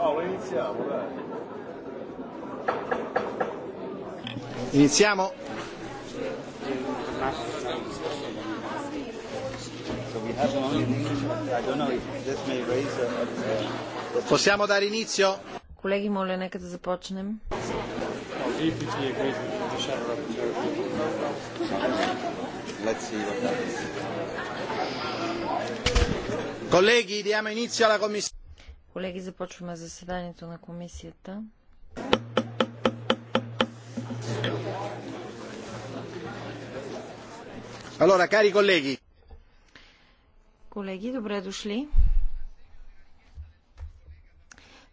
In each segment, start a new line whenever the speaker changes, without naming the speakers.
Paolo, iniziamo, dai.
Iniziamo. Possiamo dare inizio?
Colleghi моля, нека да започнем.
Колеги, diamo inizio alla commissione. Колеги, започваме
заседанието на комисията.
Allora, cari colleghi.
Колеги, добре дошли.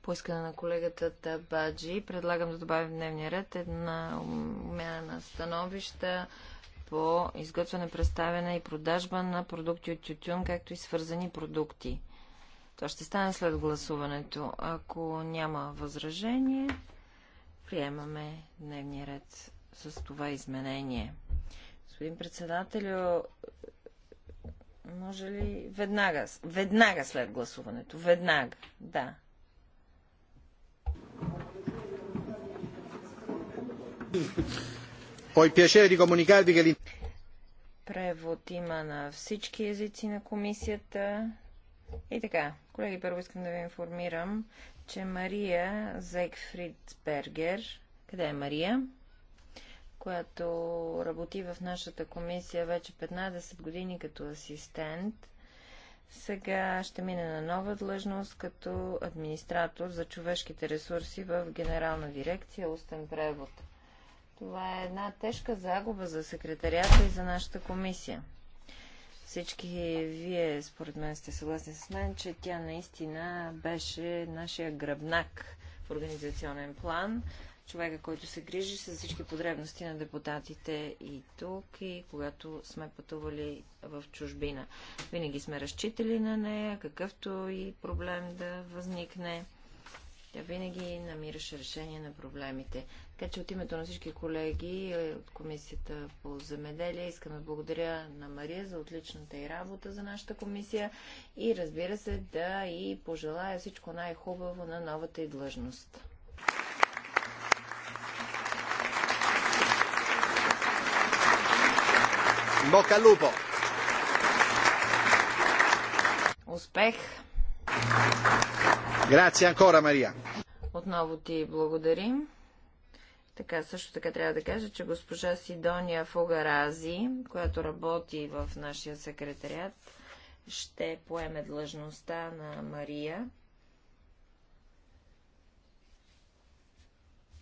Поискане на колегата Табаджи, предлагам да добавим в дневния ред една умяна на становища по изготвяне, представяне и продажба на продукти от тютюн, както и свързани продукти. Това ще стане след гласуването. Ако няма възражение, приемаме дневния ред с това изменение. Господин председателю, може ли веднага, веднага след гласуването? Веднага, да. Превод има на всички езици на комисията. И така, Колеги, първо искам да ви информирам, че Мария Зейкфрид Бергер, къде е Мария? Която работи в нашата комисия вече 15 години като асистент, сега ще мине на нова длъжност като администратор за човешките ресурси в Генерална дирекция Устен превод. Това е една тежка загуба за секретарията и за нашата комисия. Всички вие, според мен, сте съгласни с мен, че тя наистина беше нашия гръбнак в организационен план. Човека, който се грижи с всички подребности на депутатите и тук, и когато сме пътували в чужбина. Винаги сме разчитали на нея, какъвто и проблем да възникне. Тя винаги намираше решение на проблемите. Така че от името на всички колеги е, от Комисията по земеделие искам да благодаря на Мария за отличната и работа за нашата комисия и разбира се да и пожелая всичко най-хубаво на новата и длъжност. Бокалупо! Успех!
Грация анкора, Мария.
Отново ти благодарим. Така също така трябва да кажа, че госпожа Сидония Фугарази, която работи в нашия секретариат, ще поеме длъжността на Мария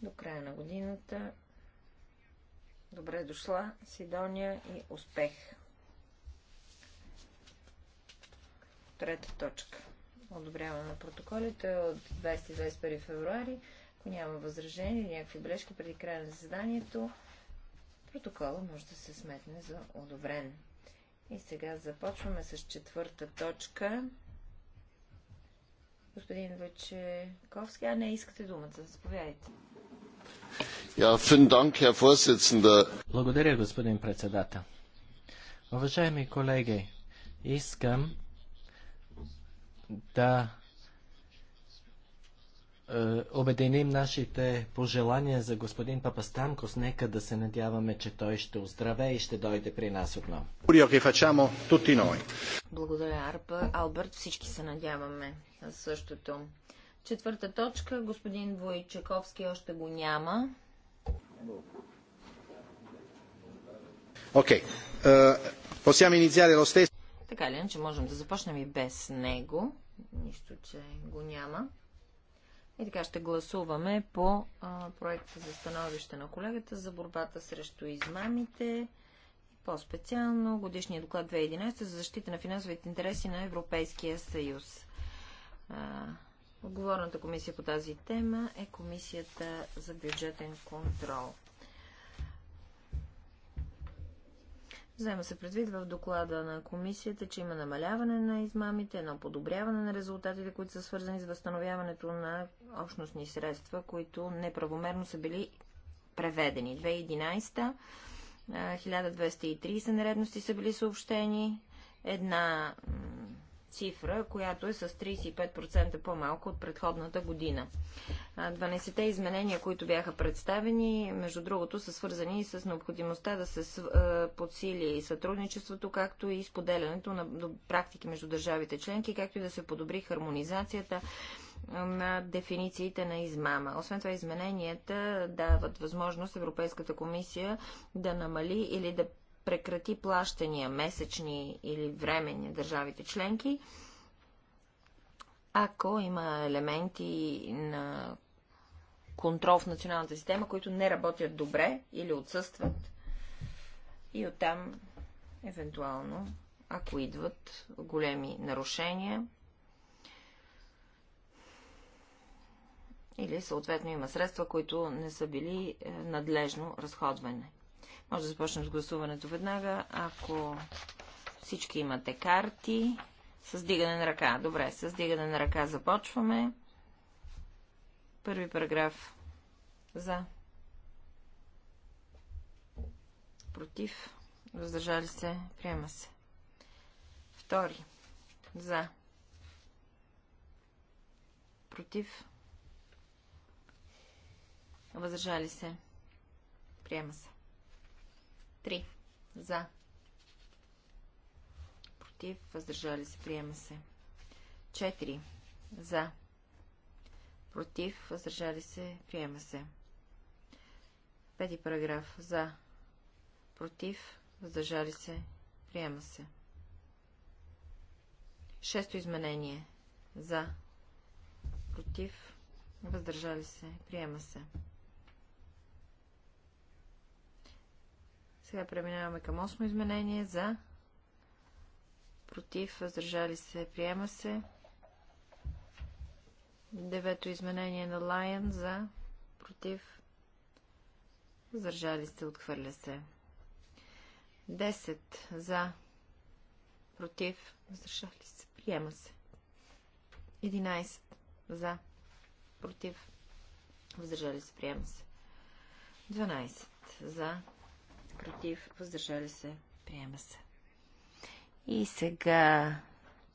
до края на годината. Добре дошла, Сидония и успех! Трета точка одобряване на протоколите от 20-21 февруари. Ако няма възражения или някакви бележки преди края на заседанието, протокола може да се сметне за одобрен. И сега започваме с четвърта точка. Господин Вечековски, а не искате думата. Заповядайте.
Благодаря, господин председател. Уважаеми колеги, искам да е, обединим нашите пожелания за господин Папастамкос. Нека да се надяваме, че той ще оздраве и ще дойде при нас отново.
Благодаря, Арпа. Алберт, всички се надяваме със същото. Четвърта точка. Господин Войчаковски още го няма.
Окей. Okay. Е, uh, possiamo iniziare lo stesso.
Така ли, че можем да започнем и без него. Нищо, че го няма. И така ще гласуваме по проекта за становище на колегата за борбата срещу измамите по-специално годишния доклад 2011 за защита на финансовите интереси на Европейския съюз. отговорната комисия по тази тема е комисията за бюджетен контрол. Взема се предвид в доклада на комисията, че има намаляване на измамите, едно подобряване на резултатите, които са свързани с възстановяването на общностни средства, които неправомерно са били преведени. 2011 1230 нередности са били съобщени, една цифра, която е с 35% по-малко от предходната година. 12-те изменения, които бяха представени, между другото, са свързани с необходимостта да се подсили и сътрудничеството, както и споделянето на практики между държавите членки, както и да се подобри хармонизацията на дефинициите на измама. Освен това, измененията дават възможност Европейската комисия да намали или да прекрати плащания месечни или временни държавите членки, ако има елементи на контрол в националната система, които не работят добре или отсъстват. И оттам, евентуално, ако идват големи нарушения, или съответно има средства, които не са били е, надлежно разходване. Може да започнем с гласуването веднага, ако всички имате карти. С дигане на ръка. Добре, с дигане на ръка започваме. Първи параграф. За. Против. Въздържали се. Приема се. Втори. За. Против. Въздържали се. Приема се. 3. За. Против. Въздържали се. Приема се. 4. За. Против. Въздържали се. Приема се. Пети параграф. За. Против. Въздържали се. Приема се. Шесто изменение. За. Против. Въздържали се. Приема се. Сега преминаваме към 8 изменение за против, въздържали се, приема се. Девето изменение на Lion за против, въздържали се, отхвърля се. 10 за против, въздържали се, приема се. 11 за против, въздържали се, приема се. 12 за против, въздържали се, приема се. И сега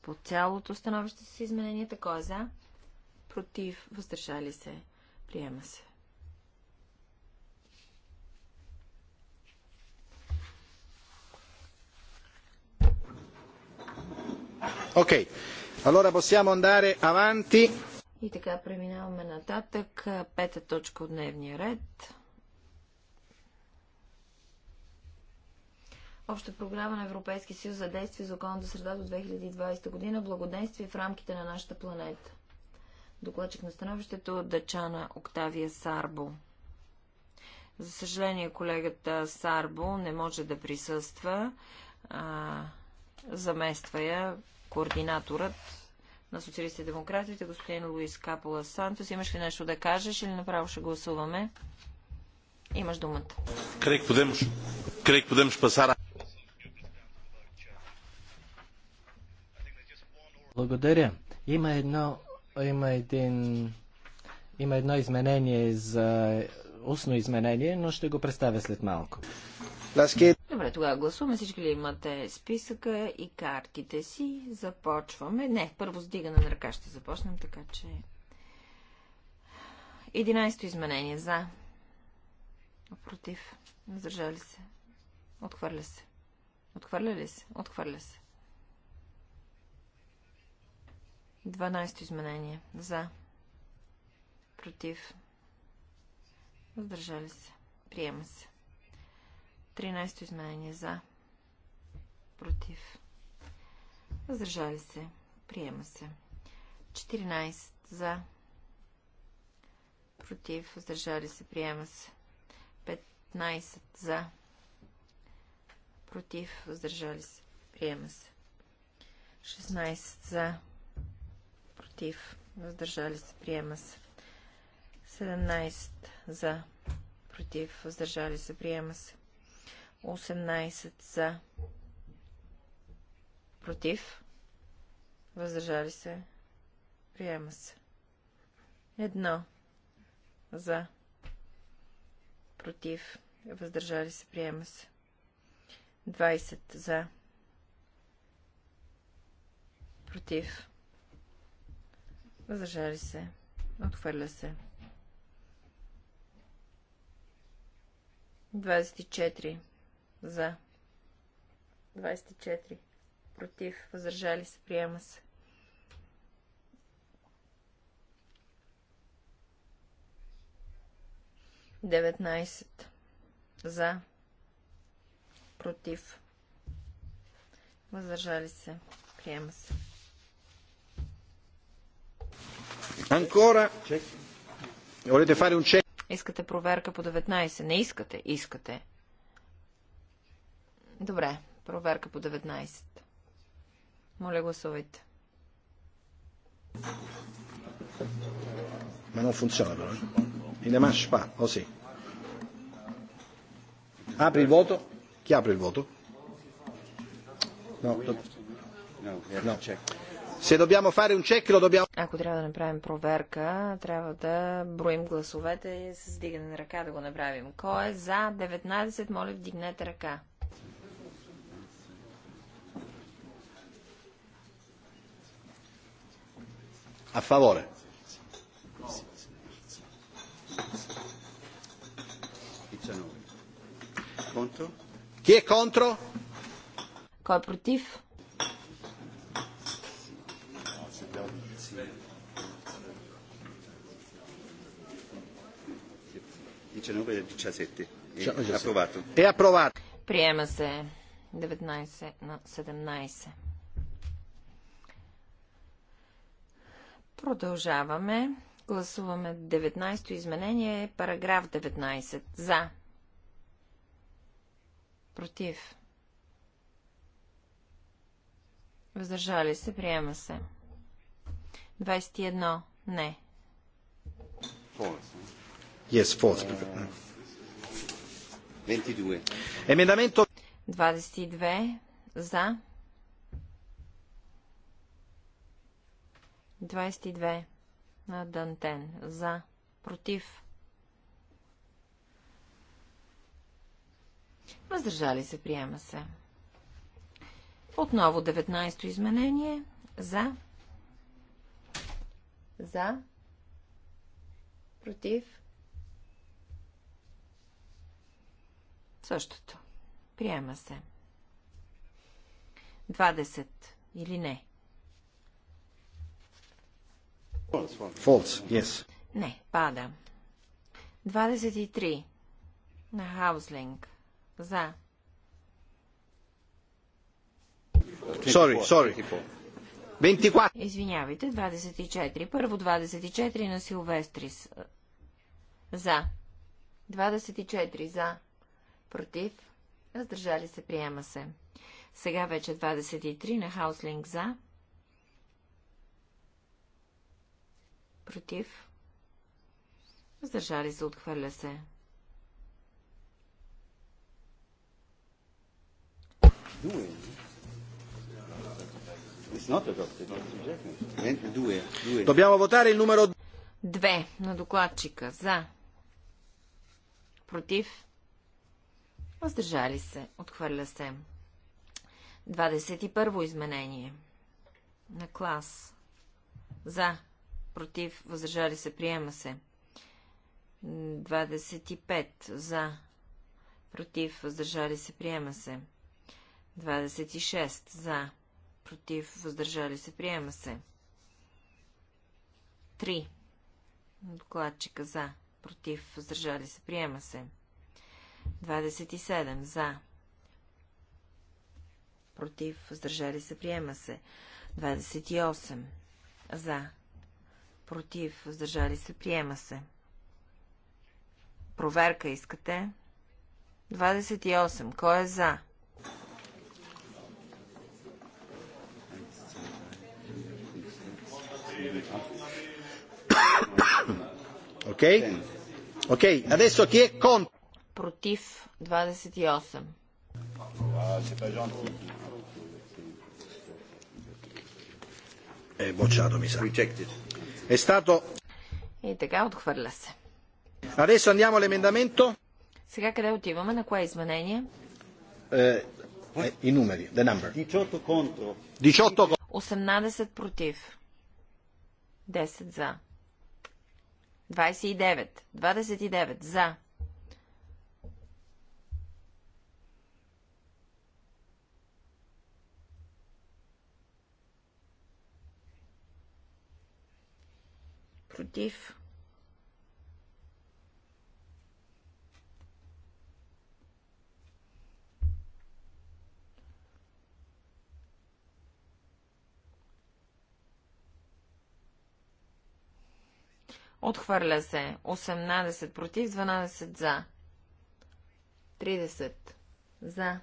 по цялото становище с измененията, кой е за? Против, въздържали се, приема се.
Окей. Okay. Allora possiamo andare avanti.
И така преминаваме нататък. Пета точка от дневния ред. Обща програма на Европейския съюз за действие за околната среда до 2020 година. Благоденствие в рамките на нашата планета. Докладчик на становището Дачана Октавия Сарбо. За съжаление, колегата Сарбо не може да присъства. А, замества я координаторът на социалистите демократите, господин Луис Капола Сантос. Имаш ли нещо да кажеш или направо ще гласуваме? Имаш думата.
Крейг подемш, крейг подемш пасара.
Благодаря. Има едно, има един, има едно изменение за устно изменение, но ще го представя след малко.
Добре, тогава гласуваме. Всички ли имате списъка и картите си? Започваме. Не, първо с дигане на ръка ще започнем, така че... 11 изменение. За. Против. Въздържали се. Отхвърля се. Отхвърля ли се? Отхвърля се. 12 изменение. За. Против. Въздържали се. Приема се. 13 изменение. За. Против. Въздържали се. Приема се. 14. За. Против. Въздържали се. Приема се. 15. За. Против. Въздържали се. Приема се. 16. За против, въздържали се, приема се. 17 за, против, въздържали се, приема се. 18 за, против, въздържали се, приема се. Едно за, против, въздържали се, приема се. 20 за, против, Въздържали се. Отхвърля се. 24. За. 24. Против. Въздържали се. Приема се. Деветнайсет. За. Против. Въздържали се. Приема се.
Ancora? Volete fare un check?
Искате проверка по 19. Не искате. Искате. Добре. Проверка по 19. Моля, гласувайте.
Ma non funziona però. Eh? In manche pas, o sì. Apri il voto? Chi apre il voto? No. No. no се фаре чек,
Ако трябва да направим проверка, трябва да броим гласовете и с дигане на ръка да го направим. Кой е за 19, моля вдигнете ръка.
А фаворе. Contro? Chi è contro? Кой е против? 19 17. Е апровато. Е
апровато. Приема се 19 на 17. Продължаваме. Гласуваме 19-то изменение, параграф 19. За. Против. Въздържали се, приема се. 21. Не.
Полностью. Yes, false. 22. Emendamento
22 за 22 на Дантен за против Въздържали се, приема се. Отново 19-то изменение. За. За. Против. Същото. Приема се. 20 или не?
False, yes.
Не, пада. 23 на Хаузлинг. За.
Sorry, sorry. 24.
Извинявайте, 24. Първо 24 на Силвестрис. За. 24 за против, въздържали се, приема се. Сега вече 23 на Хауслинг за, против, въздържали се, отхвърля се.
Dobbiamo вотари номер numero
2 на докладчика за против Въздържали се. Отхвърля се. 21 изменение. На клас. За. Против. Въздържали се. Приема се. 25. За. Против. Въздържали се. Приема се. 26. За. Против. Въздържали се. Приема се. 3. Докладчика за. Против. Въздържали се. Приема се. 27. За. Против. Въздържали се. Приема се. 28. За. Против. Въздържали се. Приема се. Проверка искате. 28. Кой е за?
Окей? Окей. Okay. Adesso chi è contro? против
28.
Е, е, стато... И така отхвърля се. Adesso andiamo all'emendamento.
Сега къде отиваме? На кое изменение?
Е, е, и номери. The number. 18 контро. 18...
18 против. 10 за. 29. 29 за. 29. против. Отхвърля се 18 против, 12 за. 30 за.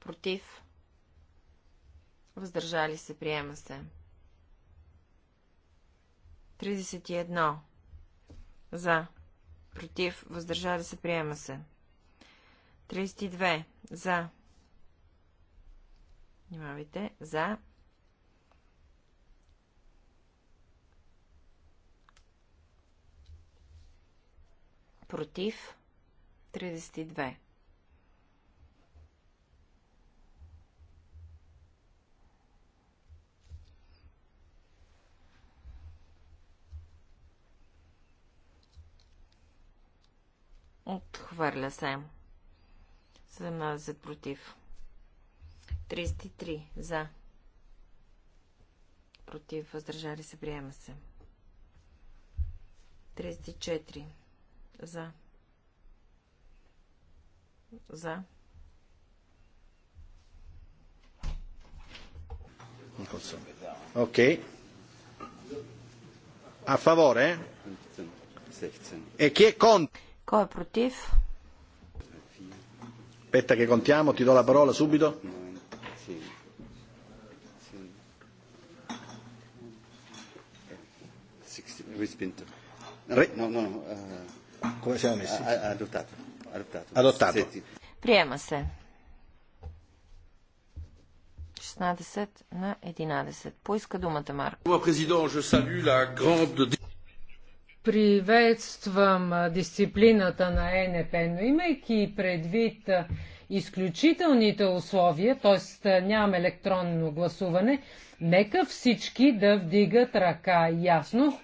Против. Въздържали се, приема се. 31. За. Против. да се. Приема се. 32. За. Внимавайте. За. Против. 32. Отхвърля се. 17 против. 33 за. Против. Въздържали се. Приема се. 34 за. За.
Окей. А фаворе? Е, chi е конт? Aspetta che contiamo, ti do la parola subito. Come siamo messi? Adottato. Adottato. Adottato.
Приема се. 16
на 11. Поиска думата Марко приветствам дисциплината на ЕНП, но имайки предвид изключителните условия, т.е. нямам електронно гласуване, нека всички да вдигат ръка ясно.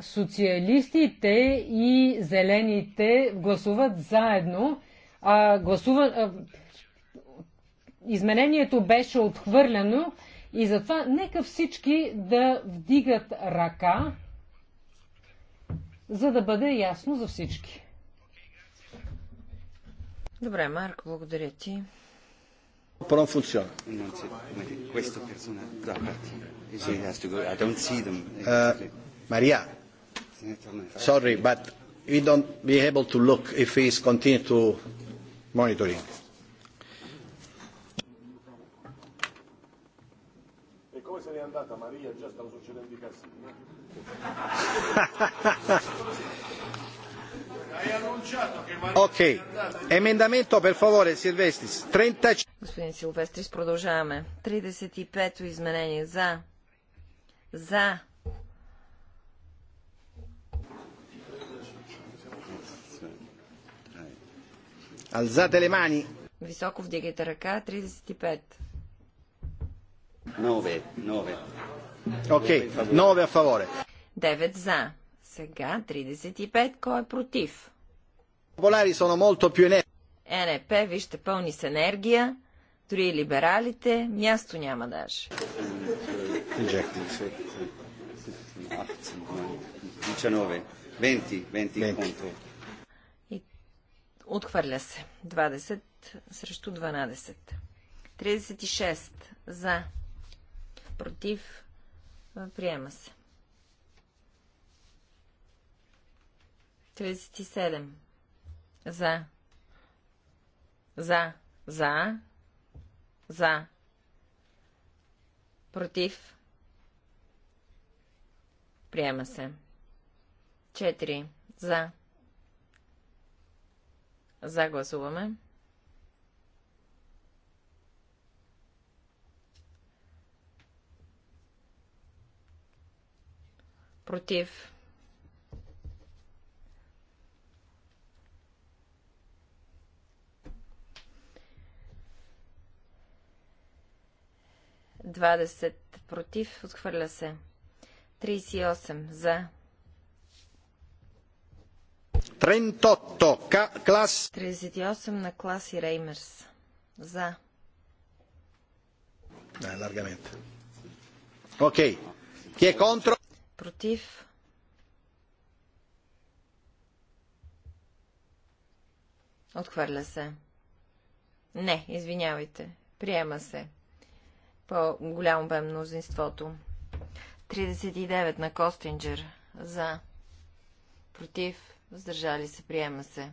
Социалистите и зелените гласуват заедно. А, гласува, а, изменението беше отхвърлено и затова нека всички да вдигат ръка за да бъде ясно за всички.
Добре, Марко, благодаря ти.
Però non funziona. Non si, questo personaggio da partire. Uh, Maria, sorry, but we don't be able to look if he is continue to monitoring.
E come se n'è andata Maria? Già stanno succedendo i casini.
Окей. Емендаменто, per favore, Силвестрис.
Господин Силвестрис, продължаваме. 35-то изменение. За. За.
Alzate le mani.
Високо вдигайте ръка. 35.
9. 9. Окей, okay. 9 е фаворе.
9 за. Сега 35. Кой е против?
Популяри са много пионери.
НП, вижте, пълни с енергия. Дори и либералите. Място няма даже. И отхвърля се. 20 срещу 12. 36 за. Против Приема се. 37. За. За. За. За. Против. Приема се. 4. За. За гласуваме. Против. Двадесет против. Отхвърля се. осем за.
38
клас. осем на клас и Реймерс. За.
Да, largamente. Ok. Chi è контрол? Против.
Отхвърля се. Не, извинявайте. Приема се. По-голямо бе мнозинството. 39 на Костинджер. За. Против. Въздържали се. Приема се.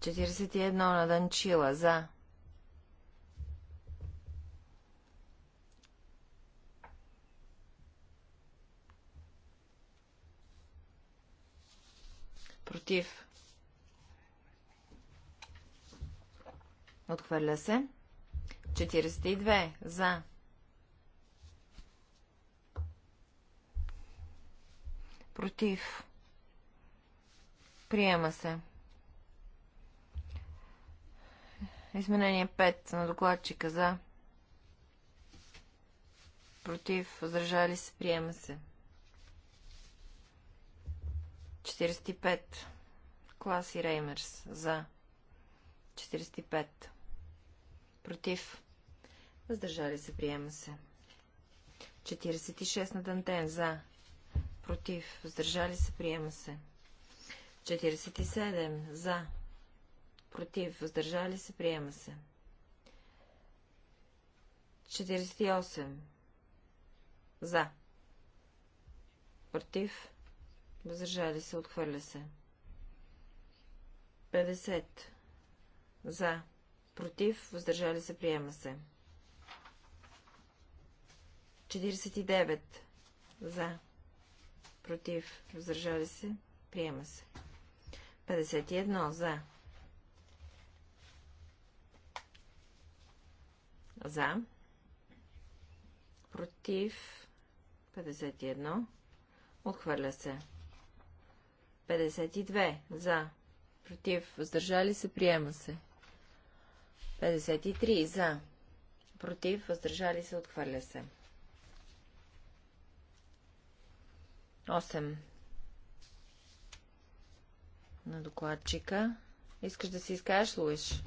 41 на Данчила. За. Против. Отхвърля се. 42. За. Против. Приема се. Изменение 5 на докладчика за. Против. Въздържали се. Приема се. 45. Клас и Реймерс. За. 45. Против. Въздържали се. Приема се. 46 на Дантен. За. Против. Въздържали се. Приема се. 47. За. Против. Въздържали се. Приема се. 48. За. Против. Въздържали се, отхвърля се. 50. За. Против, въздържали се, приема се. 49. За. Против, въздържали се, приема се. 51. За. За. Против. 51. Отхвърля се. 52 за, против, въздържали се, приема се. 53 за, против, въздържали се, отхвърля се. 8 на докладчика. Искаш да си изкажеш, Луиш?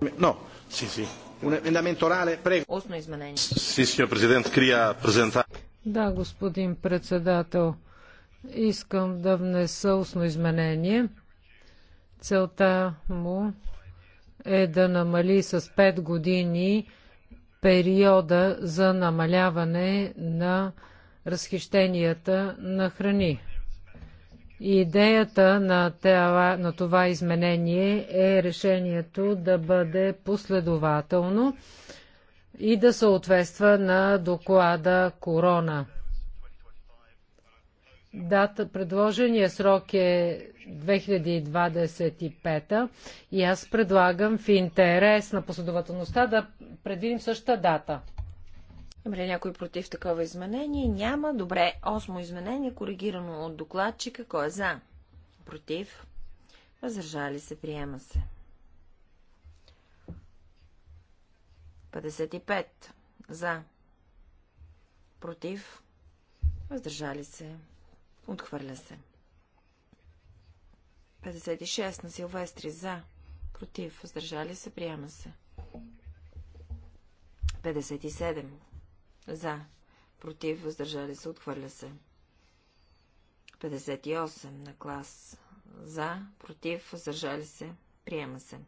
No, sì, sì. Un emendamento orale, prego. Устно изменение. Sì, signor Presidente, крия presentare...
Да, господин председател. Искам да внеса устно изменение. Целта му е да намали с 5 години периода за намаляване на разхищенията на храни. Идеята на, тела, на това изменение е решението да бъде последователно и да съответства на доклада Корона дата, предложения срок е 2025 и аз предлагам в интерес на последователността да предвидим същата дата. Има ли някой против такова изменение? Няма.
Добре, осмо изменение, коригирано от докладчика. Кой е за? Против? Въздържали се, приема се. 55. За. Против? Въздържали се. Отхвърля се. 56 на Силвестри. За. Против. Въздържали се. Приема се. 57. За. Против. Въздържали се. Отхвърля се. 58 на клас. За. Против. Въздържали се. Приема се.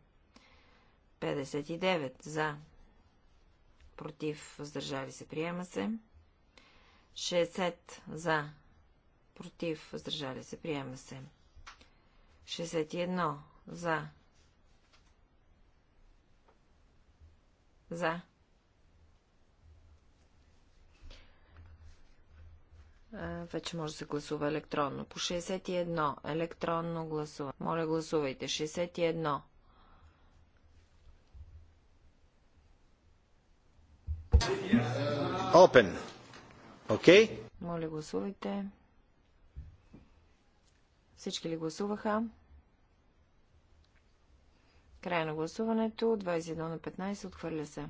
59. За. Против. Въздържали се. Приема се. 60. За против, въздържали се, приема се. 61 за. За. Вече може да се гласува електронно. По 61 електронно гласува. Моля, гласувайте. 61.
Open. Okay.
Моля, гласувайте. Всички ли гласуваха? Край на гласуването. 21 на 15. Отхвърля се.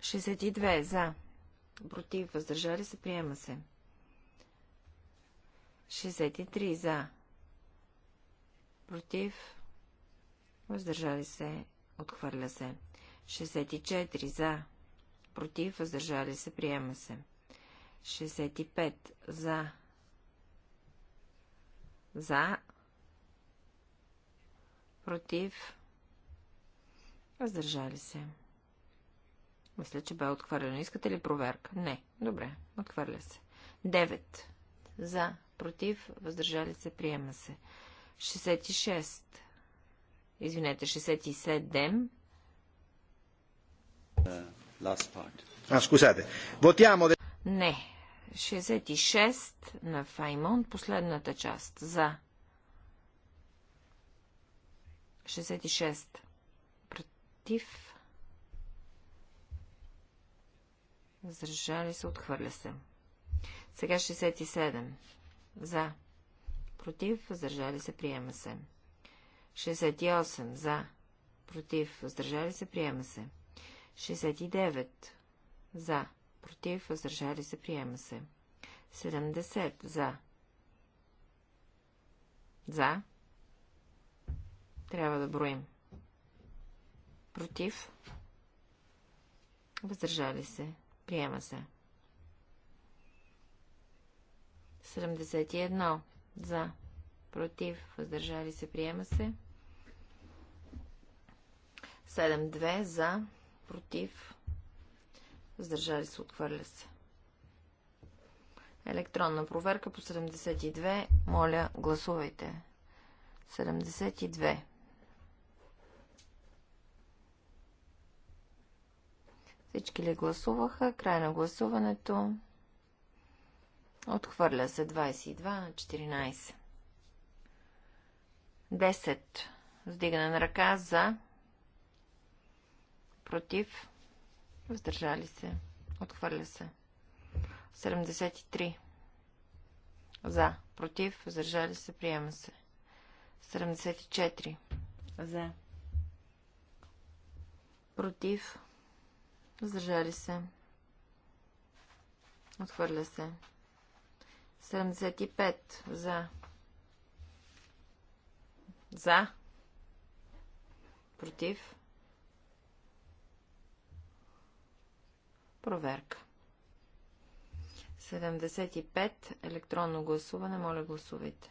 62. За. Против. Въздържали се. Приема се. 63. За. Против. Въздържали се. Отхвърля се. 64. За. Против. Въздържали се. Приема се. 65. За за. Против. Въздържали се. Мисля, че бе отхвърлено. Искате ли проверка? Не. Добре. Отхвърля се. 9. За. Против. Въздържали се. Приема се. 66. Извинете, 67.
Uh, last part. А, ah, скусате. Votiamo...
Не. 66 на Файмон, последната част. За. 66. Против. Въздържали се, отхвърля се. Сега 67. За. Против, въздържали се, приема се. 68. За. Против, въздържали се, приема се. 69. За против, въздържали се, приема се. 70 за. За. Трябва да броим. Против. Въздържали се. Приема се. 71. За. Против. Въздържали се. Приема се. 72. За. Против. Сдържали се, отхвърля се. Електронна проверка по 72. Моля, гласувайте. 72. Всички ли гласуваха? Край на гласуването. Отхвърля се 22 на 14. 10. Сдигане на ръка за. Против. Въздържали се. Отхвърля се. 73. За. Против. Въздържали се. Приема се. 74. За. Против. Въздържали се. Отхвърля се. 75. За. За. Против. Проверка. 75. Електронно гласуване. Моля, гласувайте.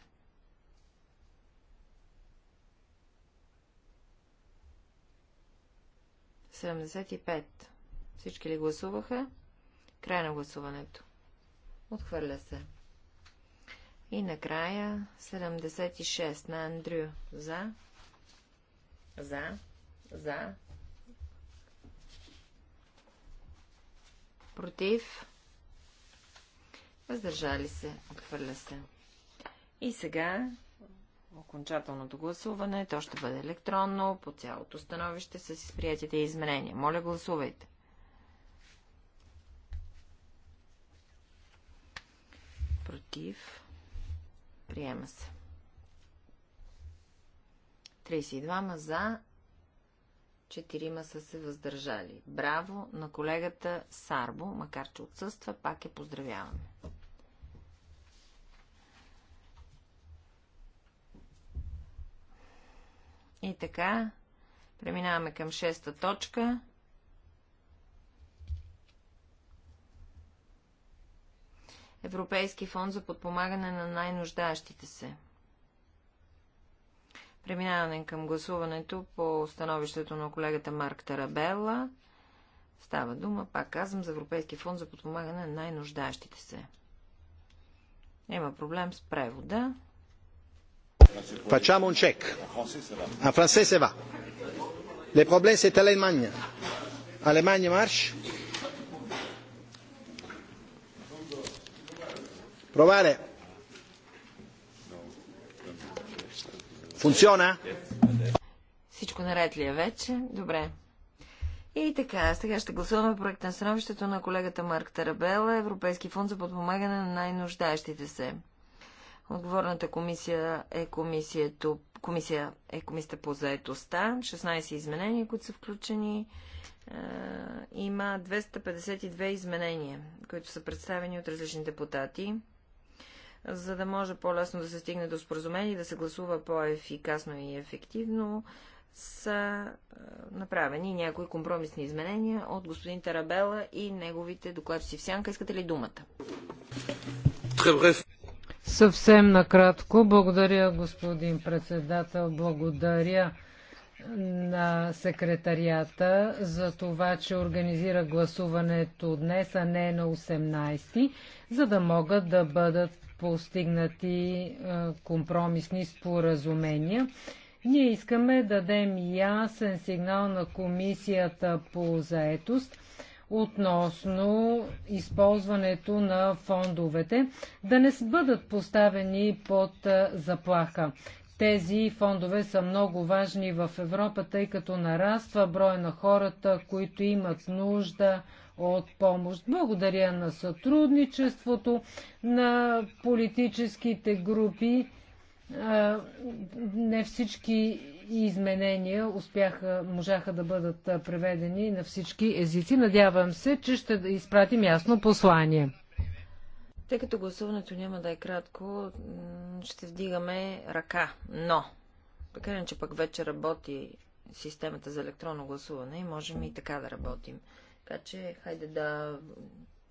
Всички ли гласуваха? Край на гласуването. Отхвърля се. И накрая 76 на Андрю. За. За. За. против, въздържали се, отхвърля се. И сега окончателното гласуване, то ще бъде електронно, по цялото становище с изприятите и изменения. Моля, гласувайте. Против. Приема се. 32 за, четирима са се въздържали. Браво на колегата Сарбо, макар че отсъства, пак я е поздравяваме. И така, преминаваме към шеста точка. Европейски фонд за подпомагане на най-нуждаещите се. Преминаване към гласуването по становището на колегата Марк Тарабела. Става дума, пак казвам, за Европейски фонд за подпомагане на най-нуждащите се. Има проблем с превода.
Facciamo un check. A francese va. Le problème c'est l'Allemagne. Allemagne marche. Provare. Функциона?
Всичко наред ли е вече? Добре. И така, сега ще гласуваме проект на становището на колегата Марк Тарабела, Европейски фонд за подпомагане на най-нуждаещите се. Отговорната комисия е, комисията, комисия е комисията по заетостта. 16 изменения, които са включени. Е, има 252 изменения, които са представени от различни депутати за да може по-лесно да се стигне до споразумение и да се гласува по-ефикасно и ефективно, са е, направени някои компромисни изменения от господин Тарабела и неговите докладчици в сянка. Искате ли
думата? Съвсем накратко. Благодаря, господин председател. Благодаря на секретарията за това, че организира гласуването днес, а не на 18, за да могат да бъдат постигнати е, компромисни споразумения. Ние искаме да дадем ясен сигнал на комисията по заетост относно използването на фондовете, да не бъдат поставени под е, заплаха. Тези фондове са много важни в Европа, тъй като нараства броя на хората, които имат нужда от помощ. Благодаря на сътрудничеството на политическите групи. Не всички изменения успяха, можаха да бъдат преведени на всички езици. Надявам се, че ще изпратим ясно послание.
Тъй като гласуването няма да е кратко, ще вдигаме ръка. Но, така не, че пък вече работи системата за електронно гласуване и можем и така да работим. Така че, хайде да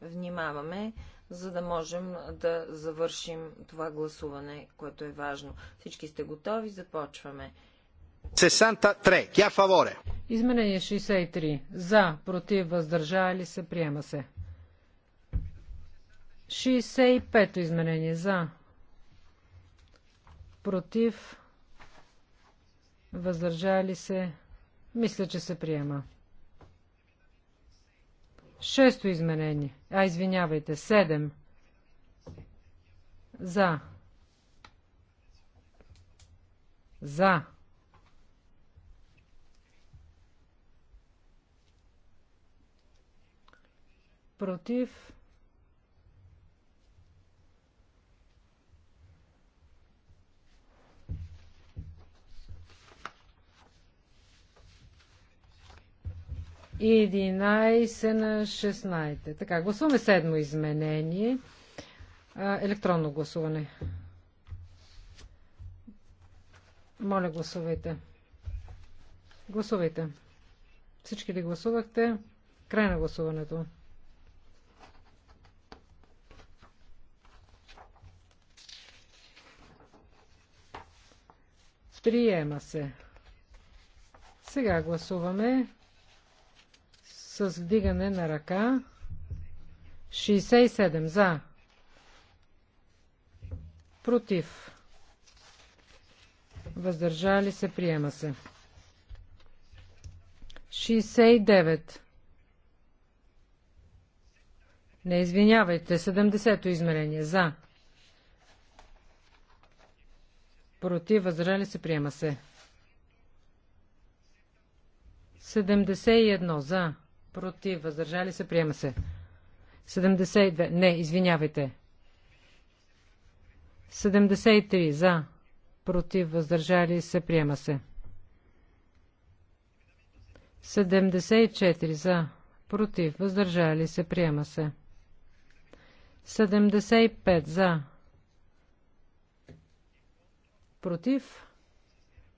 внимаваме, за да можем да завършим това гласуване, което е важно. Всички сте готови, започваме.
63. тя е фаворе?
Изменение 63. За, против, въздържали се, приема се. 65 изменение за. Против. Въздържали се. Мисля, че се приема. Шесто изменение. А, извинявайте, седем. За. За. Против. 11 на 16. Така, гласуваме седмо изменение. Електронно гласуване. Моля, гласувайте. Гласувайте. Всички ли гласувахте? Край на гласуването. Приема се. Сега гласуваме с вдигане на ръка. 67 за. Против. Въздържали се, приема се. 69. Не извинявайте, 70-то измерение. За. Против, въздържали се, приема се. 71 за. Против. Въздържали се. Приема се. 72. Не, извинявайте. 73. За. Против. Въздържали се. Приема се. 74. За. Против. Въздържали се. Приема се. 75. За. Против.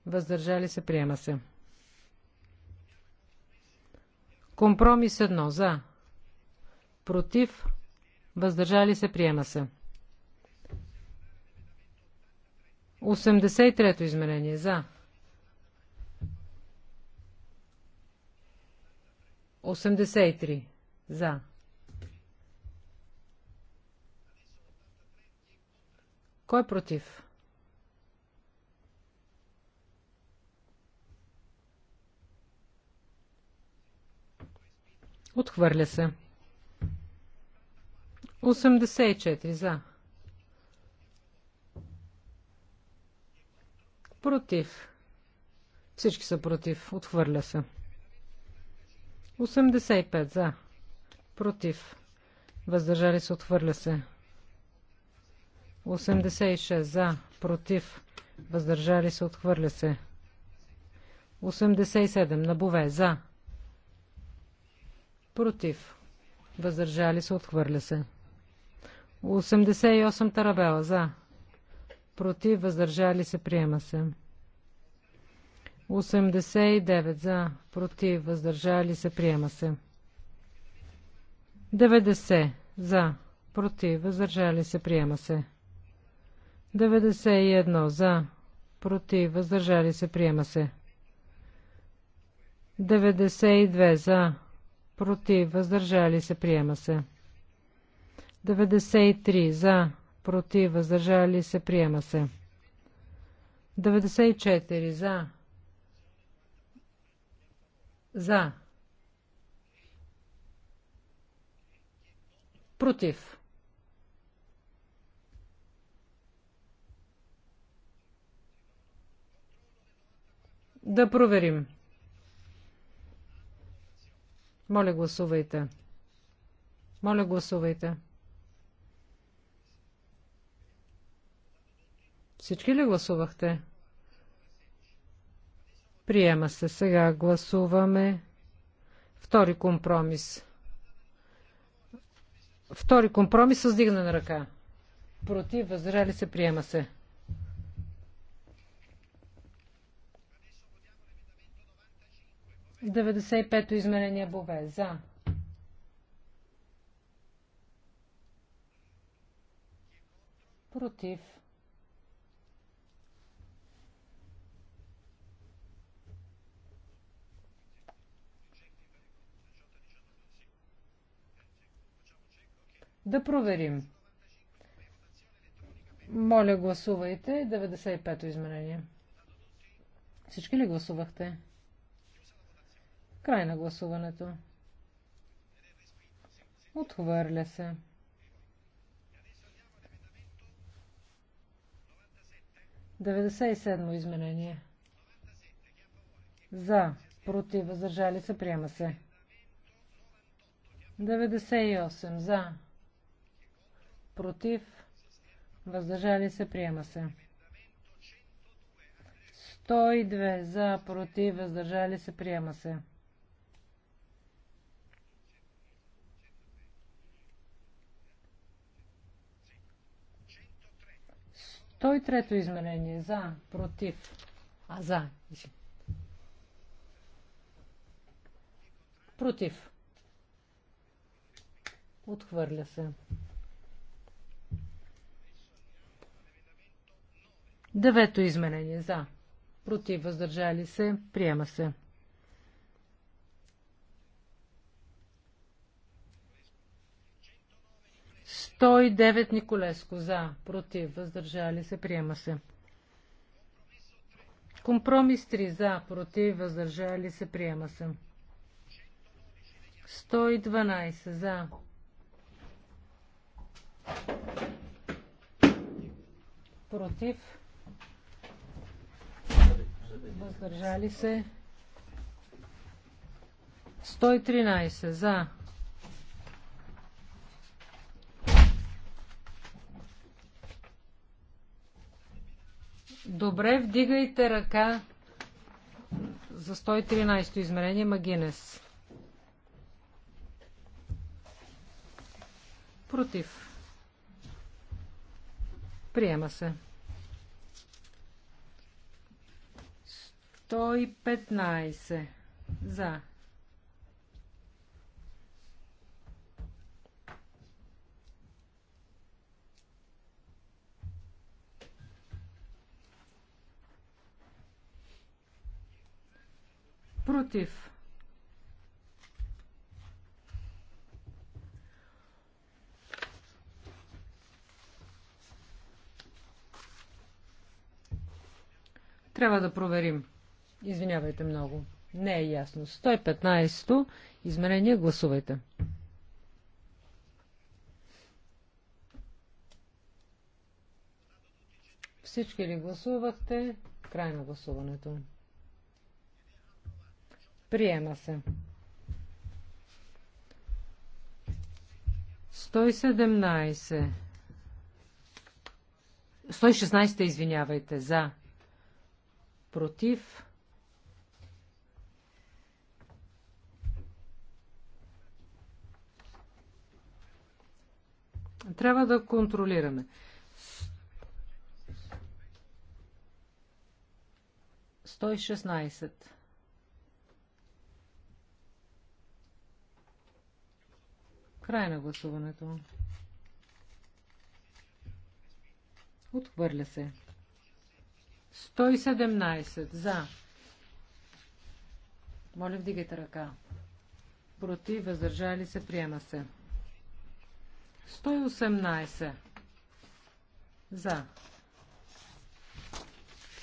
Въздържали се. Приема се. Компромис едно за. Против. Въздържали се. Приема се. 83-то измерение за. 83 за. Кой е против? Отхвърля се. 84 за. Против. Всички са против. Отхвърля се. 85 за. Против. Въздържали се. Отхвърля се. 86 за. Против. Въздържали се. Отхвърля се. 87 на бове. За. Против. Въздържали се. Отхвърля се. 88 тарабела. За. Против. Въздържали се. Приема се. 89 за. Против. Въздържали се. Приема се. 90 за. Против. Въздържали се. Приема се. 91 за. Против. Въздържали се. Приема се. 92 за против, въздържали се, приема се. 93 за, против, въздържали се, приема се. 94 за, за, против. Да проверим. Моля, гласувайте. Моля, гласувайте. Всички ли гласувахте? Приема се. Сега гласуваме втори компромис. Втори компромис с дигна на ръка. Против, възражали се, приема се. 95-то измерение Бове. За. Против. Да проверим. Моля, гласувайте 95-то изменение. Всички ли гласувахте? Край на гласуването. Отхвърля се. Деведесет и седмо изменение. За. Против. Въздържали се. Приема се. 98. За. Против. Въздържали се. Приема се. 102. За. Против. Въздържали се. Приема се. Той трето изменение. За, против. А, за. Против. Отхвърля се. Девето изменение. За. Против. Въздържали се. Приема се. 109 Николеско за, против, въздържали се, приема се. Компромис 3 за, против, въздържали се, приема се. 112 за. Против. Въздържали се. 113 за. Добре, вдигайте ръка за 113-то измерение Магинес. Против. Приема се. 115. За. Против. Трябва да проверим. Извинявайте много. Не е ясно. 115-то измерение. гласувайте. Всички ли гласувахте? Край на гласуването. Приема се. 117. 116, извинявайте, за. Против. Трябва да контролираме. 116. Край на гласуването. Отхвърля се. 117 за. Моля, вдигайте ръка. Против, въздържали се, приема се. 118 за.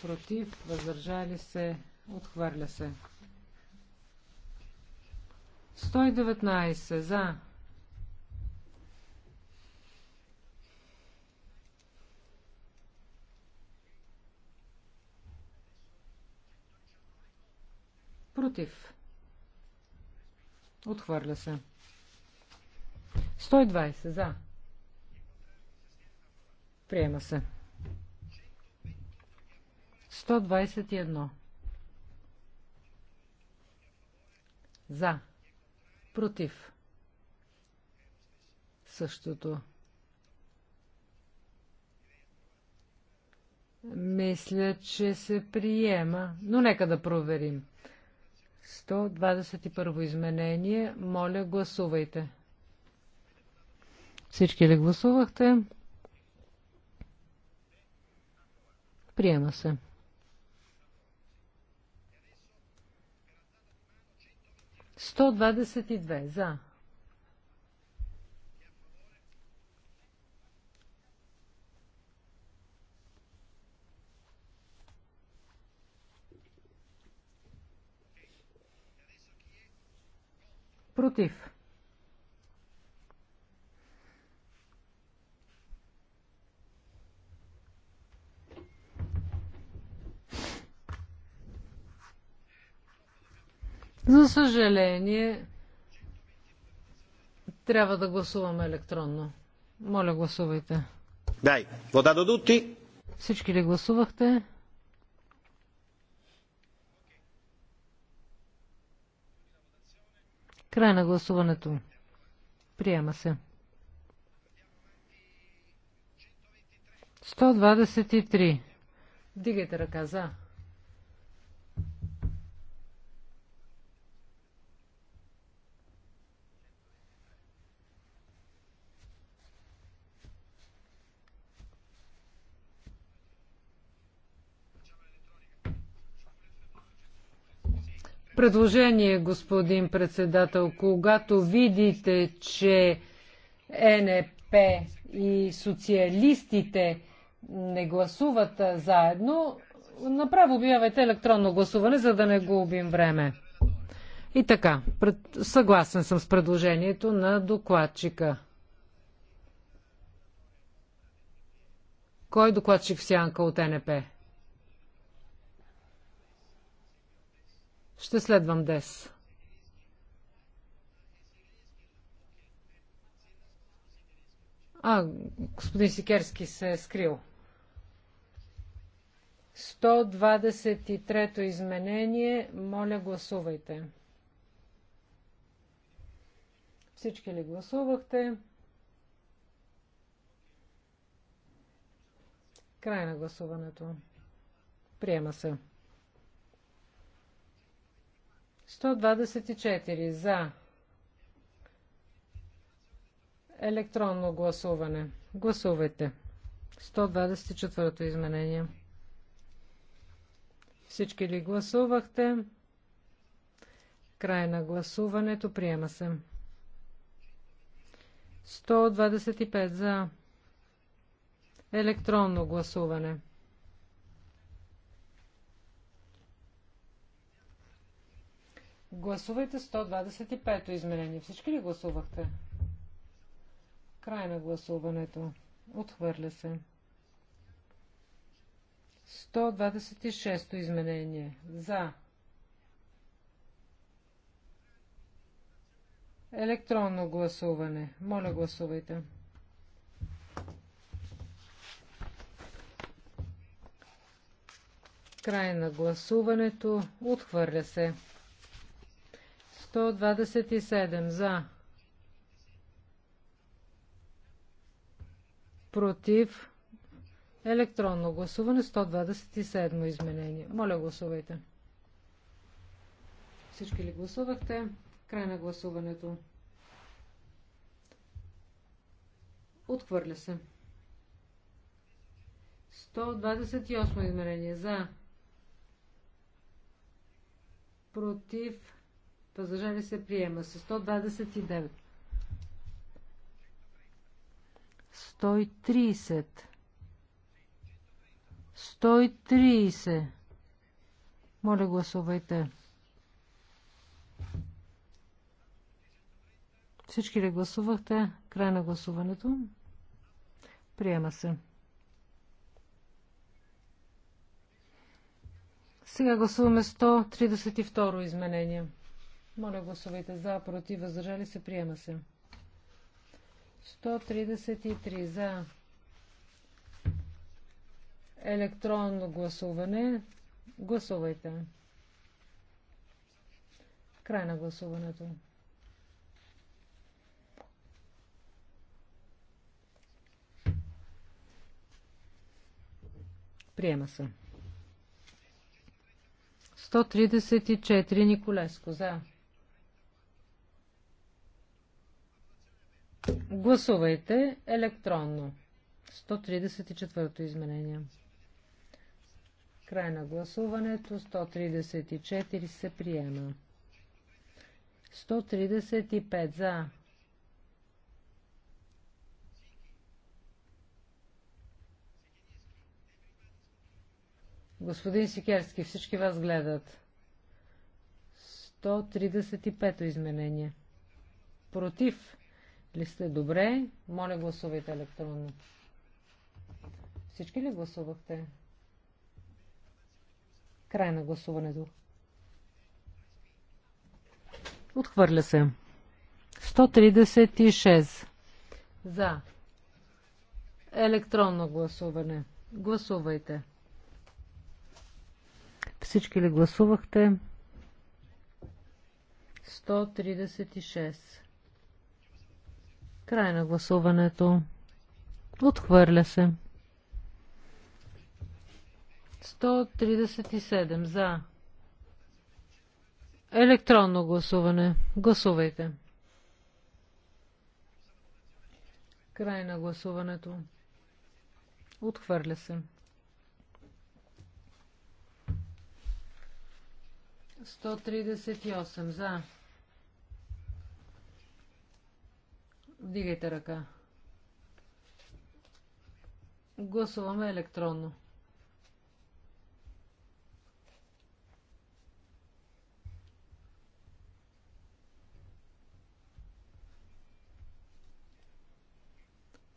Против, въздържали се, отхвърля се. 119 за. Против. Отхвърля се. 120 за. Приема се. 121. За. Против. Същото. Мисля, че се приема, но нека да проверим. 121 изменение. Моля, гласувайте. Всички ли гласувахте? Приема се. Сто двадесет и две за. против. За съжаление, трябва да гласуваме електронно. Моля, гласувайте.
Дай, вода до дути.
Всички ли гласувахте? Край на гласуването. Приема се. 123. Дигайте ръка за. Предложение, господин председател, когато видите, че НП и социалистите не гласуват заедно, направо обявявайте електронно гласуване, за да не губим време. И така, пред... съгласен съм с предложението на докладчика. Кой докладчик в сянка от НП? Ще следвам днес. А, господин Сикерски се е скрил. 123-то изменение. Моля, гласувайте. Всички ли гласувахте? Край на гласуването. Приема се. 124 за електронно гласуване. Гласувайте. 124 изменение. Всички ли гласувахте? Край на гласуването. Приема се. 125 за електронно гласуване. Гласувайте 125-то изменение. Всички ли гласувахте? Край на гласуването. Отхвърля се. 126-то изменение. За. Електронно гласуване. Моля, гласувайте. Край на гласуването. Отхвърля се. 127 за. Против. Електронно гласуване 127 изменение. Моля гласувайте. Всички ли гласувахте? Край на гласуването. Отхвърля се. 128 измерение за. Против. Въздържали се приема с 129. 130. 130. Моля, гласувайте. Всички ли гласувахте? Край на гласуването. Приема се. Сега гласуваме 132 изменение. Моля гласувайте за, против, въздържали се, приема се. 133 за електронно гласуване. Гласувайте. Край на гласуването. Приема се. 134 Николеско за. Гласувайте електронно. 134 изменение. Край на гласуването. 134 се приема. 135 за. Господин Сикерски, всички вас гледат. 135 изменение. Против. Ли сте добре? Моля, гласувайте електронно. Всички ли гласувахте? Край на гласуването. Отхвърля се. 136. За. Електронно гласуване. Гласувайте. Всички ли гласувахте? 136. Край на гласуването. Отхвърля се. 137 за. Електронно гласуване. Гласувайте. Край на гласуването. Отхвърля се. 138 за. Вдигайте ръка. Гласуваме електронно.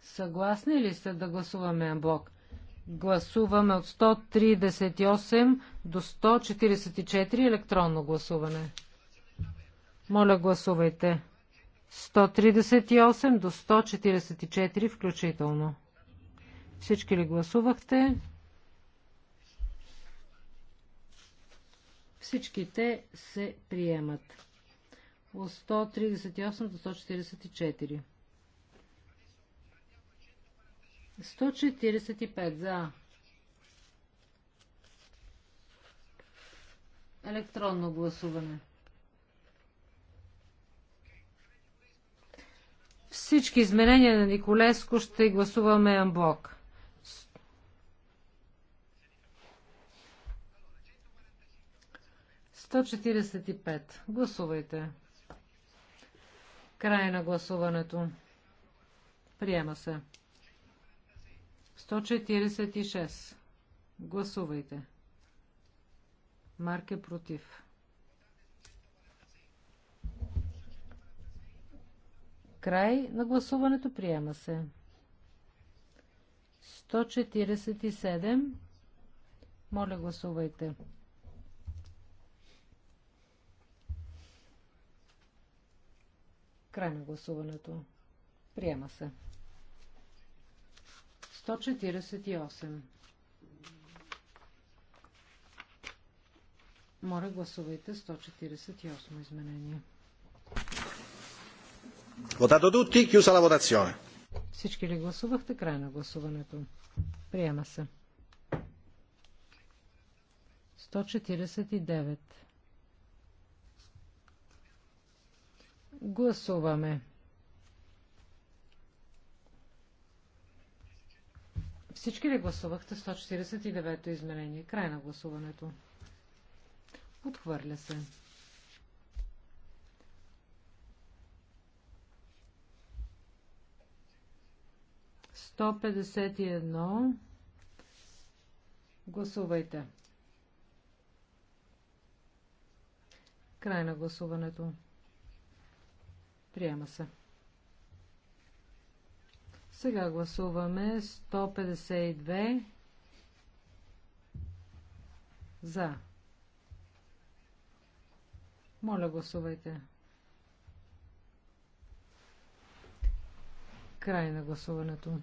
Съгласни ли сте да гласуваме блок? Гласуваме от 138 до 144 електронно гласуване. Моля, гласувайте. 138 до 144 включително. Всички ли гласувахте? Всичките се приемат. От 138 до 144. 145 за. Електронно гласуване. Всички изменения на Николеско ще гласуваме анблок. Сто Гласувайте. Край на гласуването. Приема се. 146. Гласувайте. Марк е против. Край на гласуването. Приема се. 147. Моля, гласувайте. Край на гласуването. Приема се. 148. Моля, гласувайте 148 изменение.
Votato tutti, chiusa la votazione.
Всички ли гласувахте? Край на гласуването. Приема се. 149. Гласуваме. Всички ли гласувахте 149-то изменение? Край на гласуването. Отхвърля се. 151. Гласувайте. Край на гласуването. Приема се. Сега гласуваме 152 за. Моля, гласувайте. Край на гласуването.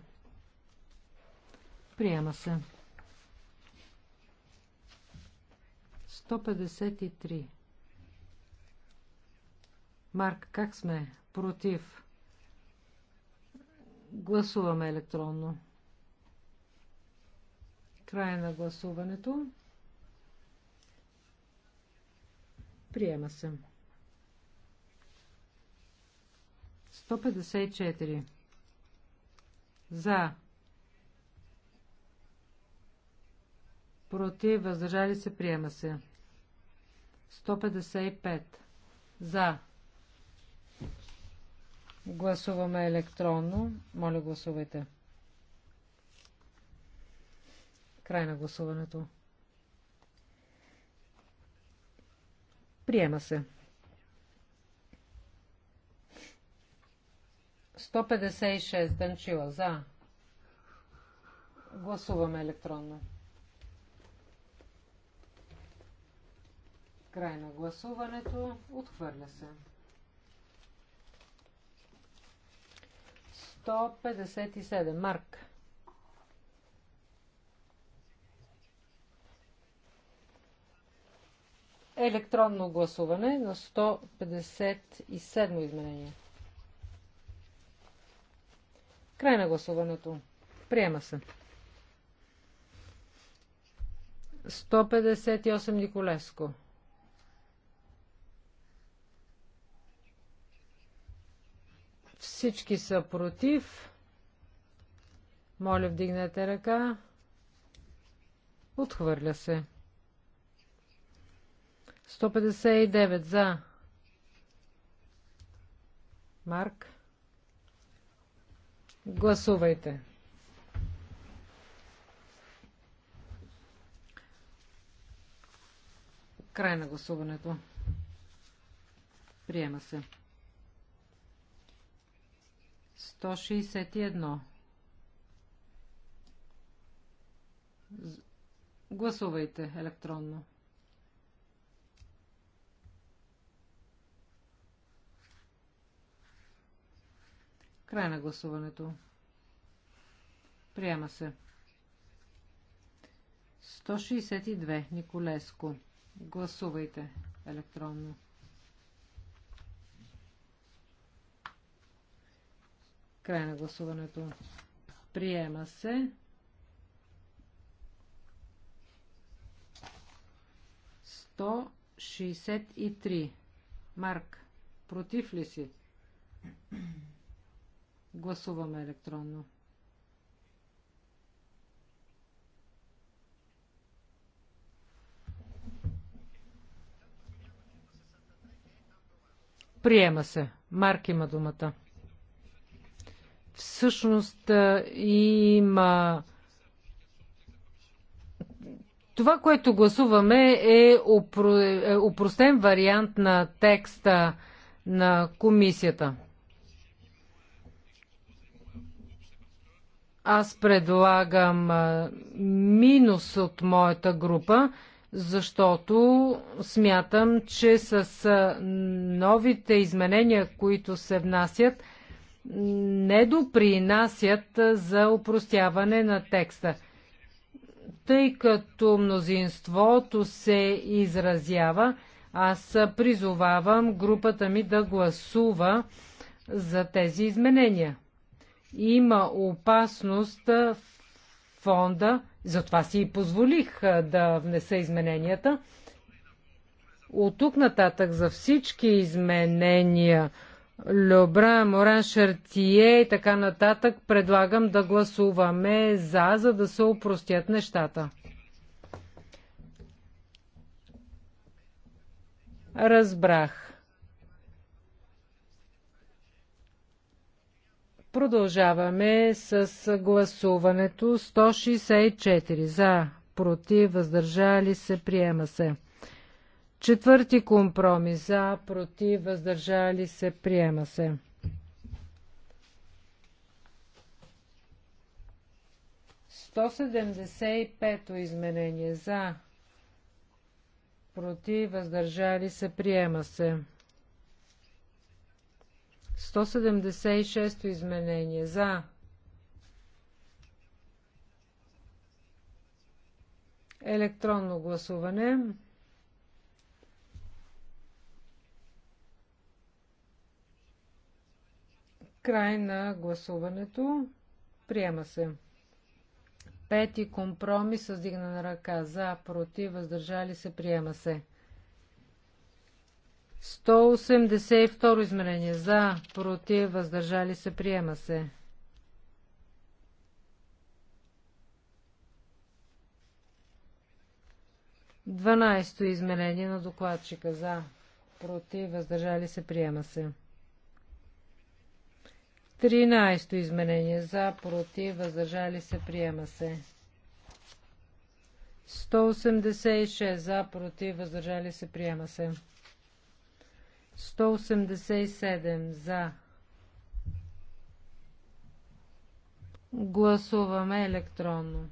Приема се. 153. Марк, как сме? Против. Гласуваме електронно. Край на гласуването. Приема се. 154. За Против. Въздържали се. Приема се. 155. За. Гласуваме електронно. Моля, гласувайте. Край на гласуването. Приема се. 156. Данчила. За. Гласуваме електронно. Край на гласуването. Отхвърля се. 157. Марк. Електронно гласуване на 157 изменение. Край на гласуването. Приема се. 158 Николеско. Всички са против. Моля, вдигнете ръка. Отхвърля се. 159 за. Марк. Гласувайте. Край на гласуването. Приема се. 161. Гласувайте електронно. Край на гласуването. Приема се. 162. Николеско. Гласувайте електронно. Край на гласуването. Приема се. Сто три. Марк, против ли си? Гласуваме електронно. Приема се. Марк има думата всъщност има. Това, което гласуваме е, е упростен вариант на текста на комисията. Аз предлагам минус от моята група, защото смятам, че с новите изменения, които се внасят, не допринасят за упростяване на текста. Тъй като мнозинството се изразява, аз призовавам групата ми да гласува за тези изменения. Има опасност фонда, затова си и позволих да внеса измененията. От тук нататък за всички изменения, Лобра, Моран Шартие и така нататък, предлагам да гласуваме за, за да се упростят нещата. Разбрах. Продължаваме с гласуването. 164 за, против, въздържали се, приема се. Четвърти компромис. За, против, въздържали се, приема се. Сто седемдесет изменение. За, против, въздържали се, приема се. 176 изменение. За. Електронно гласуване. Край на гласуването. Приема се. Пети компромис с дигна на ръка. За, против, въздържали се. Приема се. 182 измерение. За, против, въздържали се. Приема се. 12 изменение на докладчика. За, против, въздържали се. Приема се. 13 изменение за, против, въздържали се, приема се. 186 за, против, въздържали се, приема се. 187 за. Гласуваме електронно.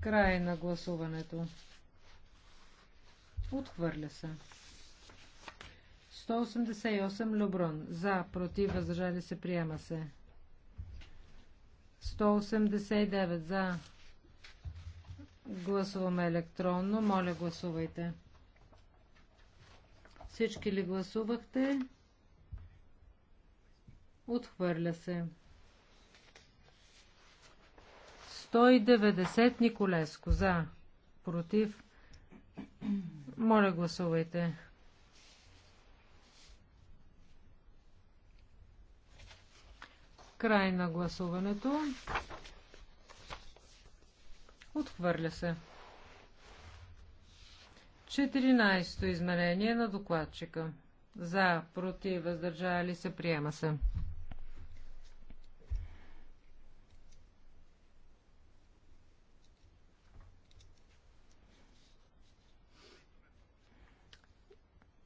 Край на гласуването. Отхвърля се. 188 Леброн. За, против, въздържали се, приема се. 189 за. Гласуваме електронно. Моля, гласувайте. Всички ли гласувахте? Отхвърля се. 190 Николеско за. Против. Моля, гласувайте. Край на гласуването. Отхвърля се. 14-то изменение на докладчика. За, против, въздържали се, приема се.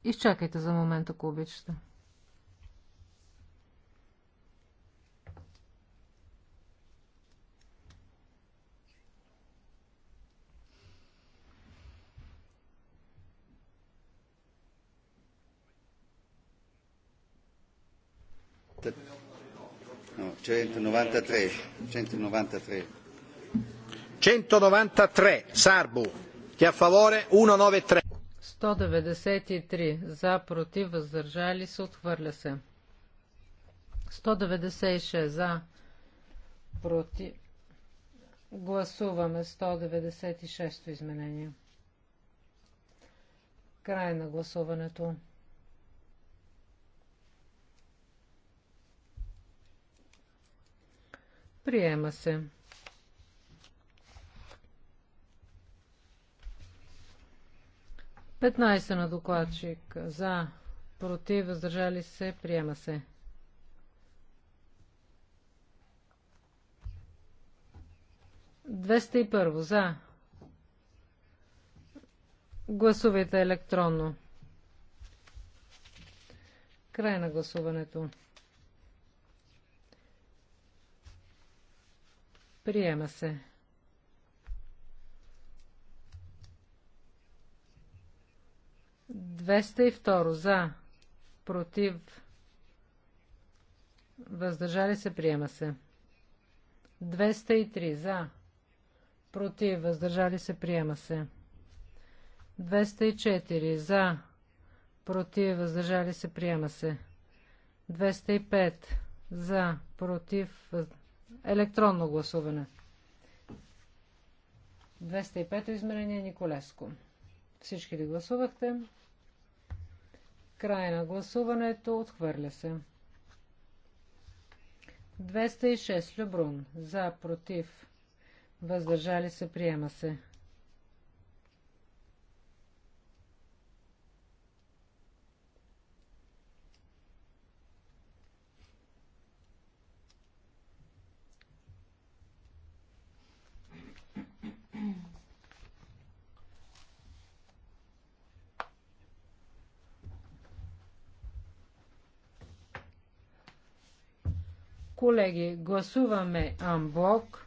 Изчакайте за момент, ако обичате.
193. 193. 193. Sarbu. Chi a favore? 193.
193. За, против, въздържали се, отхвърля се. 196. За, против. Гласуваме 196 изменение. Край на гласуването. Приема се. Петнайсе на докладчик. За. Против. Въздържали се. Приема се. Двеста и първо. За. Гласувайте електронно. Край на гласуването. Приема се. Двеста и второ. За. Против. Въздържали се. Приема се. 203. За. Против. Въздържали се. Приема се. 204. За. Против. Въздържали се. Приема се. 205. За. Против. се електронно гласуване. 205-то измерение Николеско. Всички ли гласувахте? Край на гласуването. Отхвърля се. 206. Любрун. За, против. Въздържали се. Приема се. Колеги, гласуваме Амблок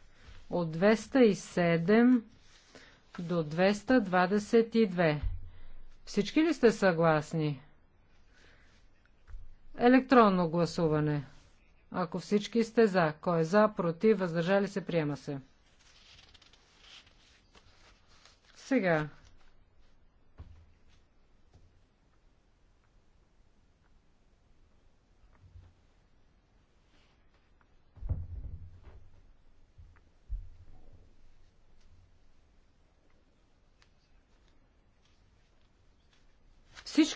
от 207 до 222. Всички ли сте съгласни? Електронно гласуване. Ако всички сте за, кой е за, против, въздържали се, приема се. Сега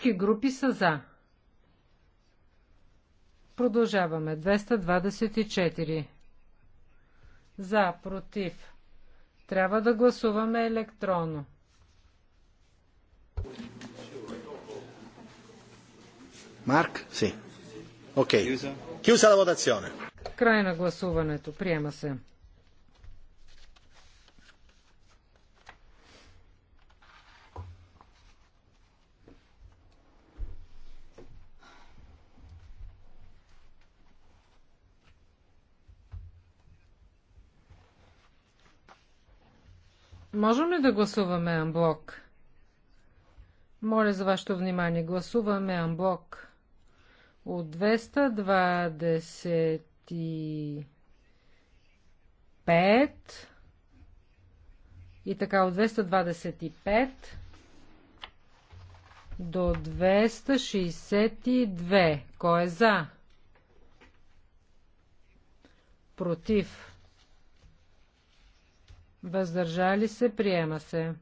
Всички групи са за. Продължаваме. 224. За, против. Трябва да гласуваме електронно.
Марк? Си. Окей. Кюса на
Край на гласуването. Приема се. Можем ли да гласуваме анблок? Моля за вашето внимание. Гласуваме анблок от 225 и така от 225 до 262. Кой е за? Против въздържали се, приема се.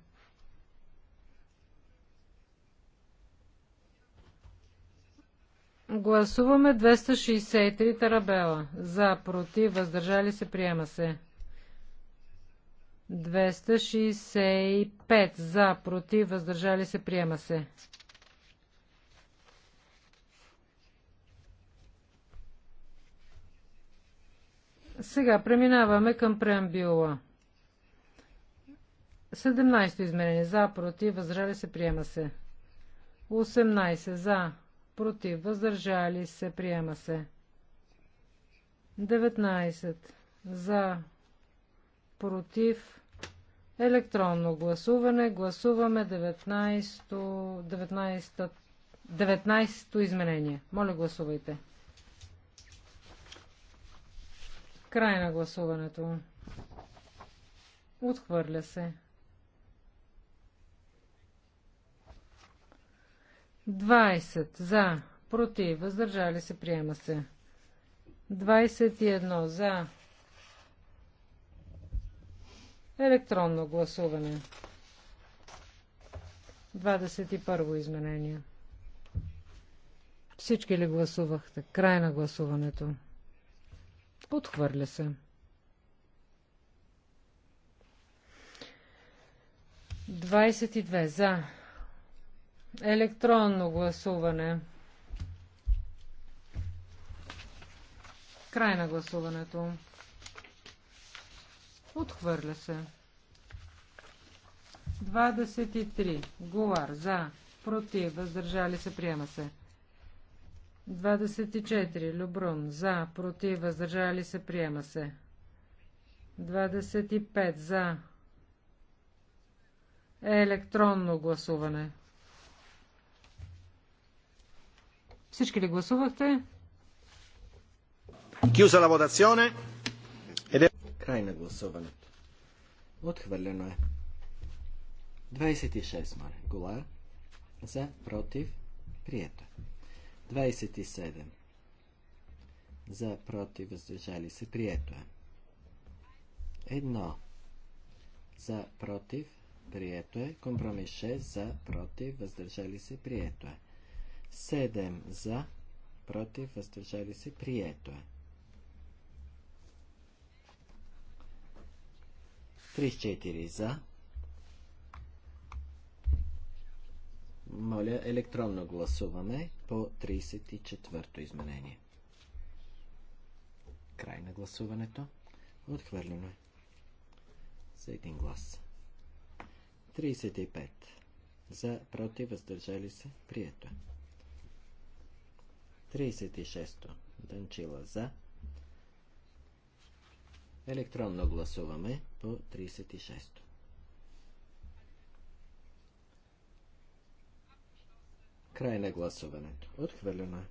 Гласуваме 263 тарабела. За, против, въздържали се, приема се. 265 за, против, въздържали се, приема се. Сега преминаваме към преамбюла. 17 изменение за, против, въздържали се, приема се. 18 за, против, въздържали се, приема се. 19 за, против, електронно гласуване. Гласуваме 19-то изменение. Моля, гласувайте. Край на гласуването. Отхвърля се. 20 за, против, въздържали се, приема се. 21 за. Електронно гласуване. 21 изменение. Всички ли гласувахте? Край на гласуването. Отхвърля се. 22 за, Електронно гласуване. Край на гласуването. Отхвърля се. 23. Голар. За. Против. Въздържали се. Приема се. 24. Любрун. За. Против. Въздържали се. Приема се. 25. За. Електронно гласуване. Всички ли гласувахте?
Кюза на
водационе. Край на гласуването. Отхвърлено е. 26, моля. Гола. За, против, прието. 27. За, против, въздържали се, прието е. Едно. За, против, прието е. Компромис 6. За, против, въздържали се, прието е. 7 за, против, въздържали се, прието е. 34 за. Моля, електронно гласуваме по 34-то изменение. Край на гласуването. Отхвърлено е. За един глас. 35. За, против, въздържали се, прието е. 36-то. Дънчила за. Електронно гласуваме по 36-то. Край на гласуването. Отхвърлено е.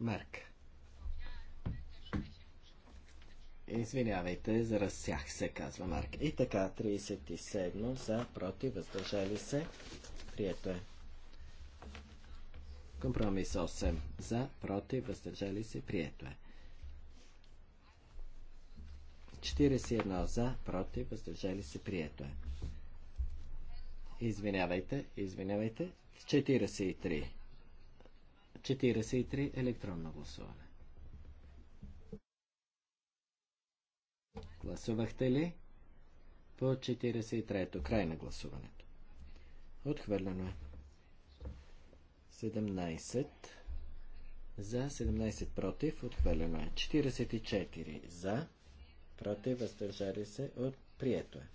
Марк. Извинявайте, зарасях се, казва Марк. И така, 37 за, против, въздържали се. Прието е. Компромис 8. За, против, въздържали се, прието е. 41 за, против, въздържали се, прието е. Извинявайте, извинявайте. 43. 43 електронно гласуване. Гласувахте ли? По 43-то край на гласуването. Отхвърлено е. 17 за, 17 против, отхвърлено е. 44 за, против, въздържали се, от прието е.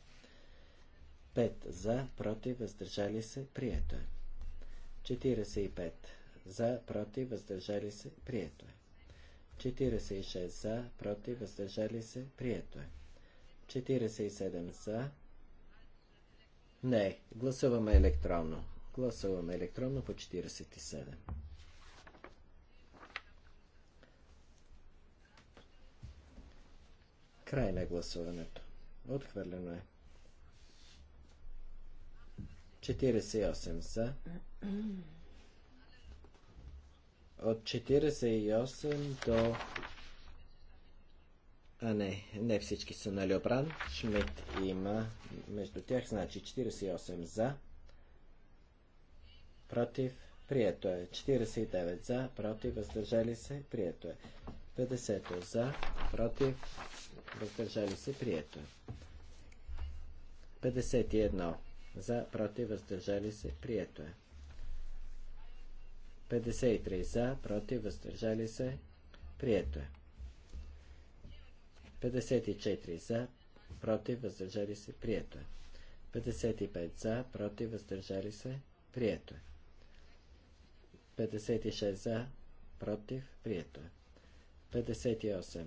5 за, против, въздържали се, прието е. 45 за, против, въздържали се, прието е. 46 за, против, въздържали се, прието е. 47 за. Не, гласуваме електронно. Гласуваме електронно по 47. Край на гласуването. Отхвърлено е. 48 за. От 48 до... А не, не всички са на нали Леобран. Шмидт има между тях, значи 48 за против, прието е. 49 за, против, въздържали се, прието е. 50 за, против, въздържали се, прието е. 51 за, против, въздържали се, прието е. 53 за, против, въздържали се, прието е. 54 за, против, въздържали се, прието е. 55 за, против, въздържали се, прието е. 56 за, против, прието е. 58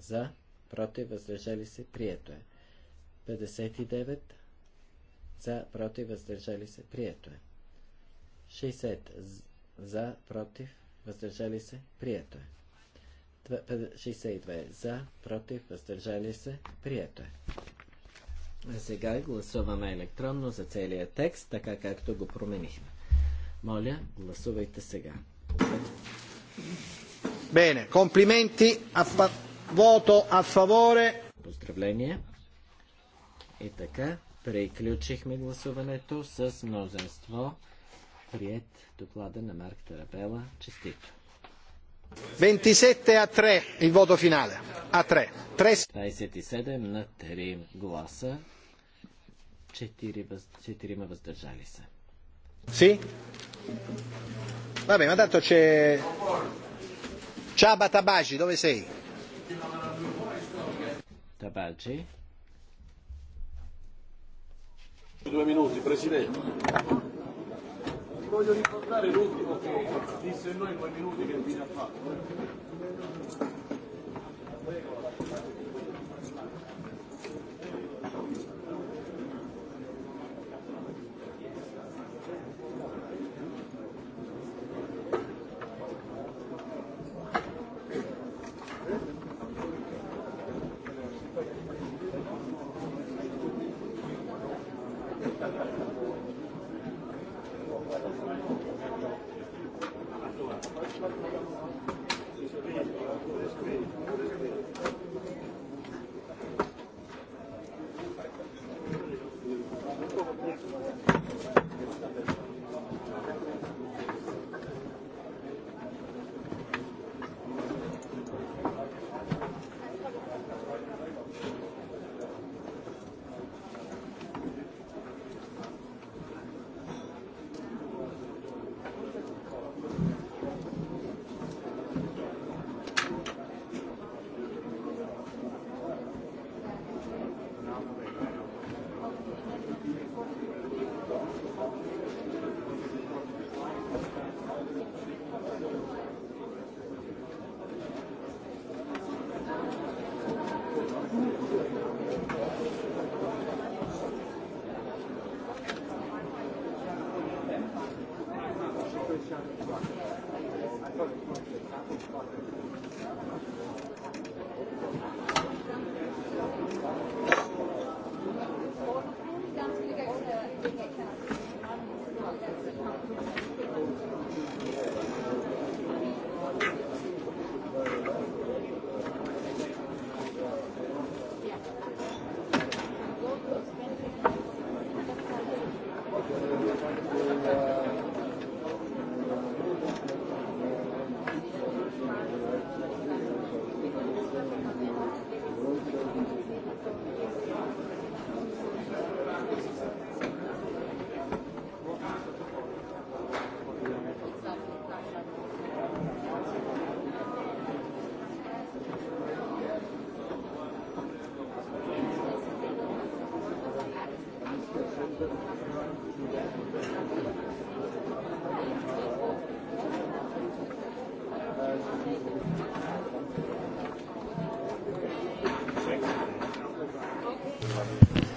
за, против, въздържали се, прието е. 59 за, против, въздържали се, прието е. 60 за, против, въздържали се, прието е. 62 за, против, въздържали се, прието е. А сега гласуваме електронно за целият текст, така както го променихме. Моля, гласувайте сега. Бене, комплименти, a а a favore. Поздравление. И така, приключихме гласуването с мнозинство. Прият доклада на Марк Тарабела. Честито.
27 а 3 И voto финале.
A 3. 27 на 3 гласа. 4 въздържали се.
Sì? Vabbè, ma tanto c'è... Ciao Batabaci, dove sei? Tabaci? Due minuti, Presidente. Ti voglio ricordare l'ultimo che disse noi quei minuti che fine ha fatto.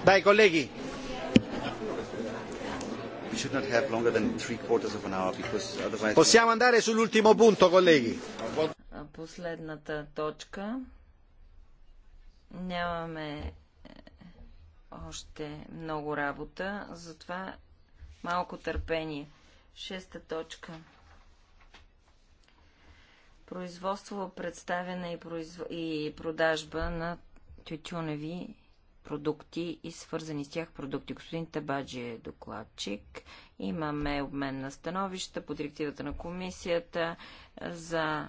Dai colleghi. Possiamo andare sull'ultimo punto, colleghi.
Последната точка. Нямаме е, още много работа, затова малко търпение. Шеста точка. Производство, представяне и, произв... и продажба на тютюневи продукти и свързани с тях продукти. Господин Табаджи е докладчик. Имаме обмен на становища по директивата на комисията за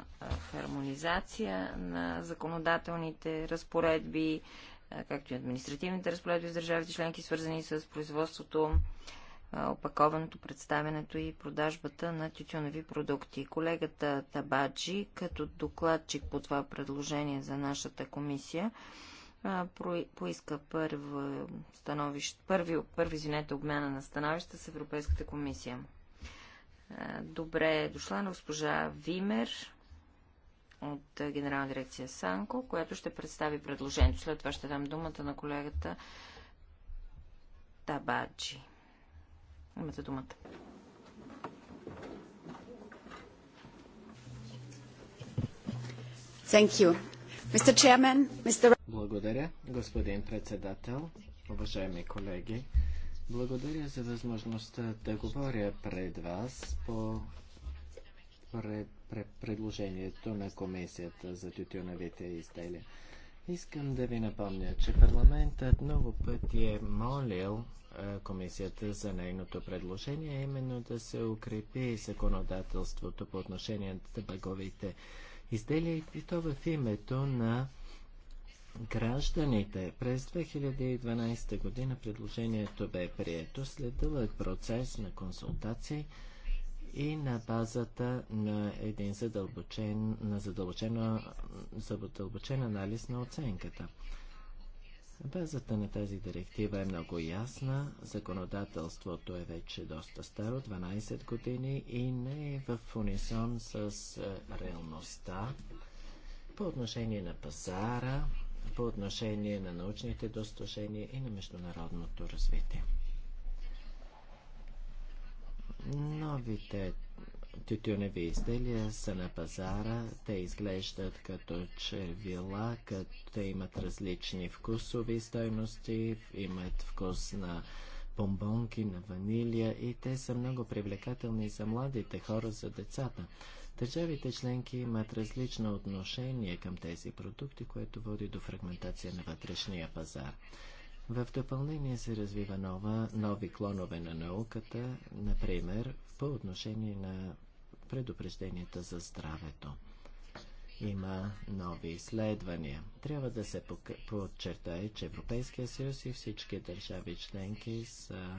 хармонизация на законодателните разпоредби, както и административните разпоредби с държавите членки, свързани с производството опаковането, представянето и продажбата на тютюнови продукти. Колегата Табаджи, като докладчик по това предложение за нашата комисия, поиска първо становище, първи, първи извинете, обмяна на становища с Европейската комисия. Добре е дошла на госпожа Вимер от Генерална дирекция Санко, която ще представи предложението. След това ще дам думата на колегата Табаджи.
Имате думата. Thank you. Chairman, Mr... Благодаря, господин председател, уважаеми колеги. Благодаря за възможността да говоря пред вас по пред, пред, предложението на Комисията за тютюновите изделия. Искам да ви напомня, че парламентът много пъти е молил комисията за нейното предложение, именно да се укрепи законодателството по отношение на табаговите изделия и то в името на гражданите. През 2012 година предложението бе прието след дълъг е процес на консултации и на базата на един задълбочен, на задълбочен, задълбочен анализ на оценката. Базата на тази директива е много ясна. Законодателството е вече доста старо, 12 години и не е в унисон с е, реалността по отношение на пазара, по отношение на научните достижения и на международното развитие. Новите тютюневи изделия са на пазара. Те изглеждат като че вила, като те имат различни вкусови стойности, имат вкус на бомбонки, на ванилия и те са много привлекателни за младите хора, за децата. Държавите членки имат различно отношение към тези продукти, което води до фрагментация на вътрешния пазар. В допълнение се развива нова, нови клонове на науката, например по отношение на предупрежденията за здравето. Има нови изследвания. Трябва да се подчертае, че Европейския съюз и всички държави членки са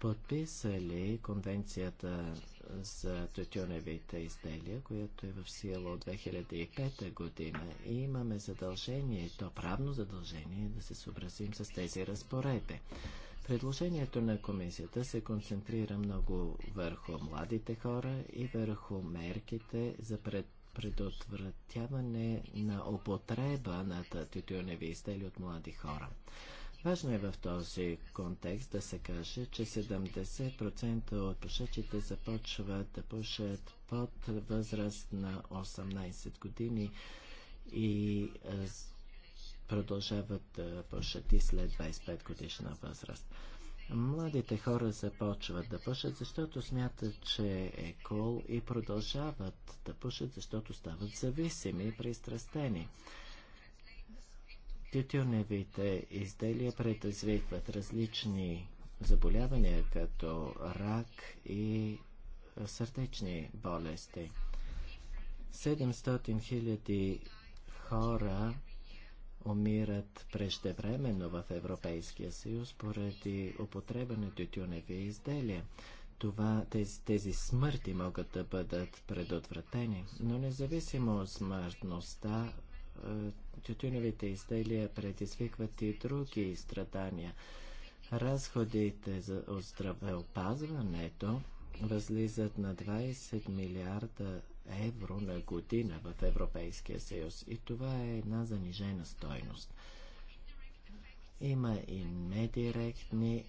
подписали конвенцията за тютюневите изделия, която е в сила от 2005 година и имаме задължение, то правно задължение да се съобразим с тези разпоредби. Предложението на комисията се концентрира много върху младите хора и върху мерките за пред предотвратяване на употреба на тютюневи изделия от млади хора. Важно е в този контекст да се каже, че 70% от пушачите започват да пушат под възраст на 18 години и продължават да пушат и след 25 годишна възраст. Младите хора започват да пушат, защото смятат, че е кол и продължават да пушат, защото стават зависими и пристрастени. Тютюневите изделия предизвикват различни заболявания, като рак и сърдечни болести. 700 000 хора умират преждевременно в Европейския съюз поради употреба на тютюневи изделия. Това, тези, тези смърти могат да бъдат предотвратени, но независимо от смъртността, е, тютюневите изделия предизвикват и други страдания. Разходите за здравеопазването възлизат на 20 милиарда евро на година в Европейския съюз и това е една занижена стойност. Има и недиректни е,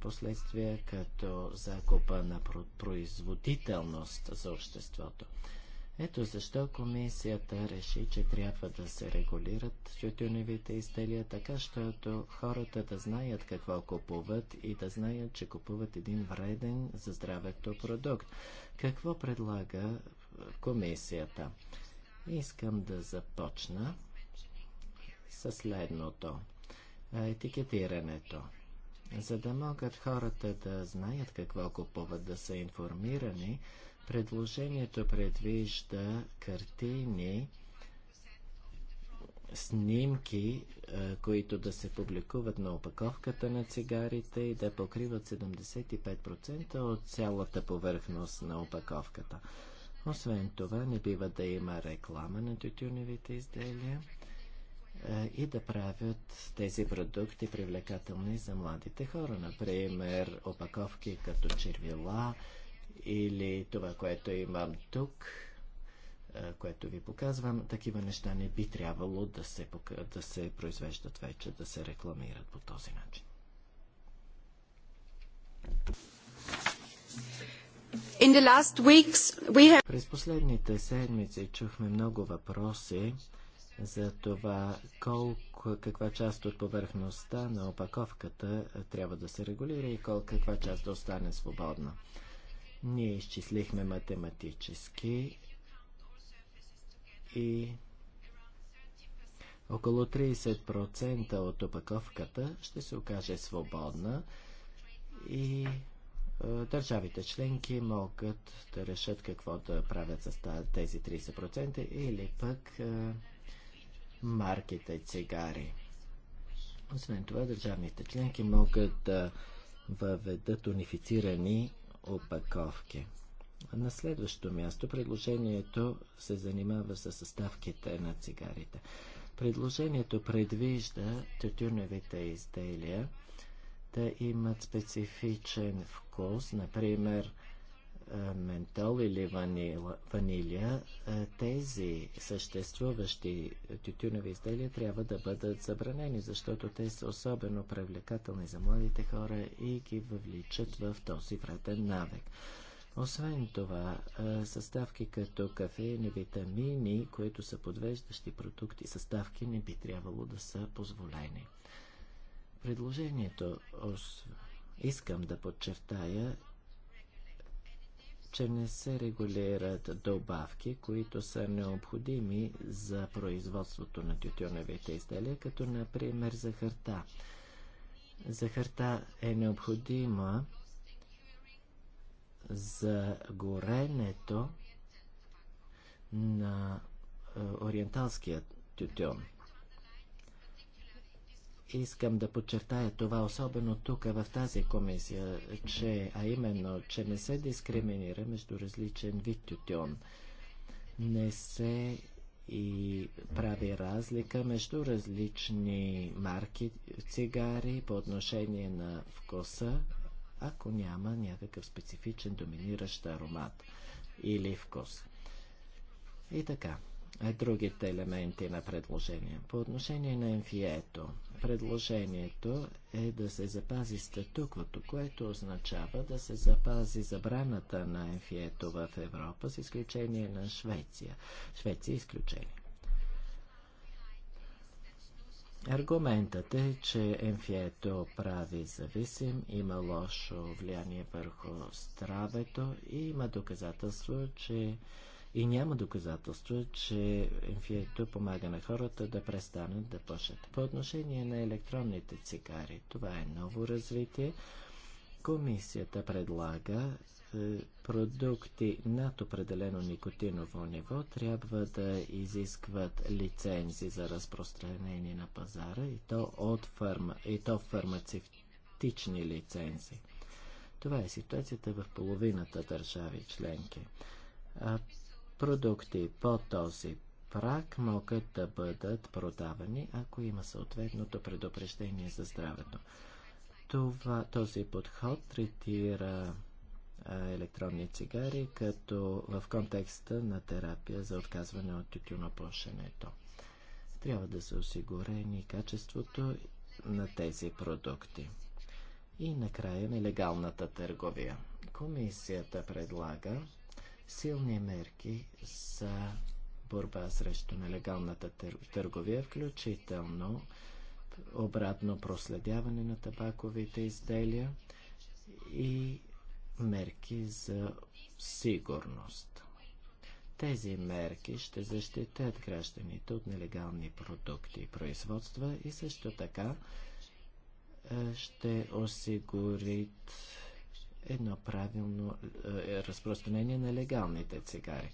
последствия, като закупа на производителност за обществото. Ето защо комисията реши, че трябва да се регулират тютюневите изделия, така щото хората да знаят какво купуват и да знаят, че купуват един вреден за здравето продукт. Какво предлага комисията. Искам да започна със следното. Етикетирането. За да могат хората да знаят какво купуват, да са информирани, предложението предвижда картини, снимки, които да се публикуват на опаковката на цигарите и да покриват 75% от цялата повърхност на опаковката. Освен това, не бива да има реклама на тютюневите изделия е, и да правят тези продукти привлекателни за младите хора. Например, опаковки като червила или това, което имам тук, е, което ви показвам. Такива неща не би трябвало да се, да се произвеждат вече, да се рекламират по този начин. През последните седмици чухме много въпроси за това колко, каква част от повърхността на опаковката трябва да се регулира и колко, каква част да остане свободна. Ние изчислихме математически и около 30% от опаковката ще се окаже свободна и е, държавите членки могат да решат какво да правят с тези 30% или пък е, марките цигари. Освен това, държавните членки могат да въведат унифицирани опаковки. На следващо място предложението се занимава с съставките на цигарите. Предложението предвижда тютюневите изделия те имат специфичен вкус, например е, ментол или ванила, ванилия, е, тези съществуващи тютюнови изделия трябва да бъдат забранени, защото те са особено привлекателни за младите хора и ги въвличат в този вреден навик. Освен това, е, съставки като кафеини, витамини, които са подвеждащи продукти, съставки не би трябвало да са позволени предложението. Искам да подчертая, че не се регулират добавки, които са необходими за производството на тютюневите изделия, като например захарта. Захарта е необходима за горенето на е, ориенталския тютюн искам да подчертая това, особено тук в тази комисия, че, а именно, че не се дискриминира между различен вид тютюн. Не се и прави разлика между различни марки цигари по отношение на вкуса, ако няма някакъв специфичен доминиращ аромат или вкус. И така, е другите елементи на предложение. По отношение на МФИЕто, предложението е да се запази статуквото, което означава да се запази забраната на МФИЕТО в Европа, с изключение на Швеция. Швеция е изключение. Аргументът е, че енфието прави зависим, има лошо влияние върху здравето и има доказателство, че и няма доказателство, че МФИЕТО помага на хората да престанат да пушат. По отношение на електронните цигари, това е ново развитие. Комисията предлага е, продукти над определено никотиново ниво трябва да изискват лицензи за разпространение на пазара и то, от фарма, и то фармацевтични лицензи. Това е ситуацията в половината държави членки. А Продукти по този прак могат да бъдат продавани, ако има съответното предупреждение за здравето. Това, този подход третира електронни цигари, като в контекста на терапия за отказване от тютюнопушенето. Трябва да са осигурени качеството на тези продукти. И накрая нелегалната търговия. Комисията предлага силни мерки за борба срещу нелегалната търговия, включително обратно проследяване на табаковите изделия и мерки за сигурност. Тези мерки ще защитят гражданите от нелегални продукти и производства и също така е, ще осигурят едно правилно е, е, разпространение на легалните цигари.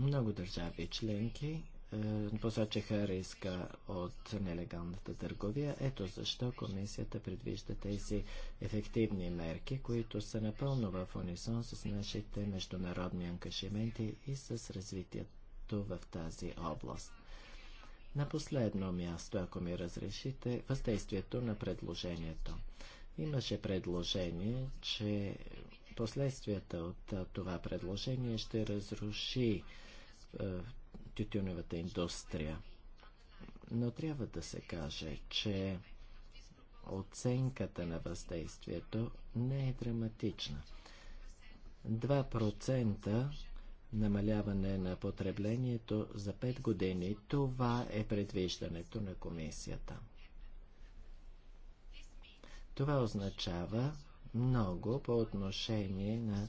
Много държави членки е, посочиха риска от нелегалната търговия. Ето защо комисията предвижда тези ефективни мерки, които са напълно в унисон с нашите международни ангажименти и с развитието в тази област. На последно място, ако ми разрешите, въздействието на предложението. Имаше предложение, че последствията от това предложение ще разруши тютюневата индустрия. Но трябва да се каже, че оценката на въздействието не е драматична. 2% намаляване на потреблението за 5 години. Това е предвиждането на комисията. Това означава много по отношение на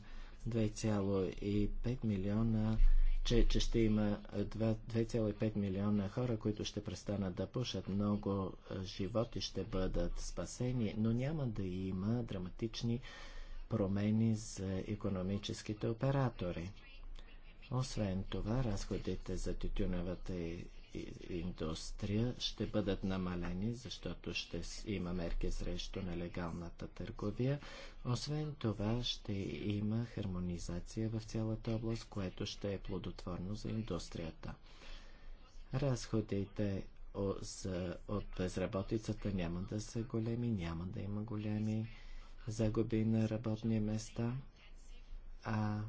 2,5 милиона, че, че ще има 2,5 милиона хора, които ще престанат да пушат. Много е, животи ще бъдат спасени, но няма да има драматични промени за економическите оператори. Освен това, разходите за тютюневата и индустрия ще бъдат намалени, защото ще има мерки срещу нелегалната търговия. Освен това ще има хармонизация в цялата област, което ще е плодотворно за индустрията. Разходите от безработицата няма да са големи, няма да има големи загуби на работни места, а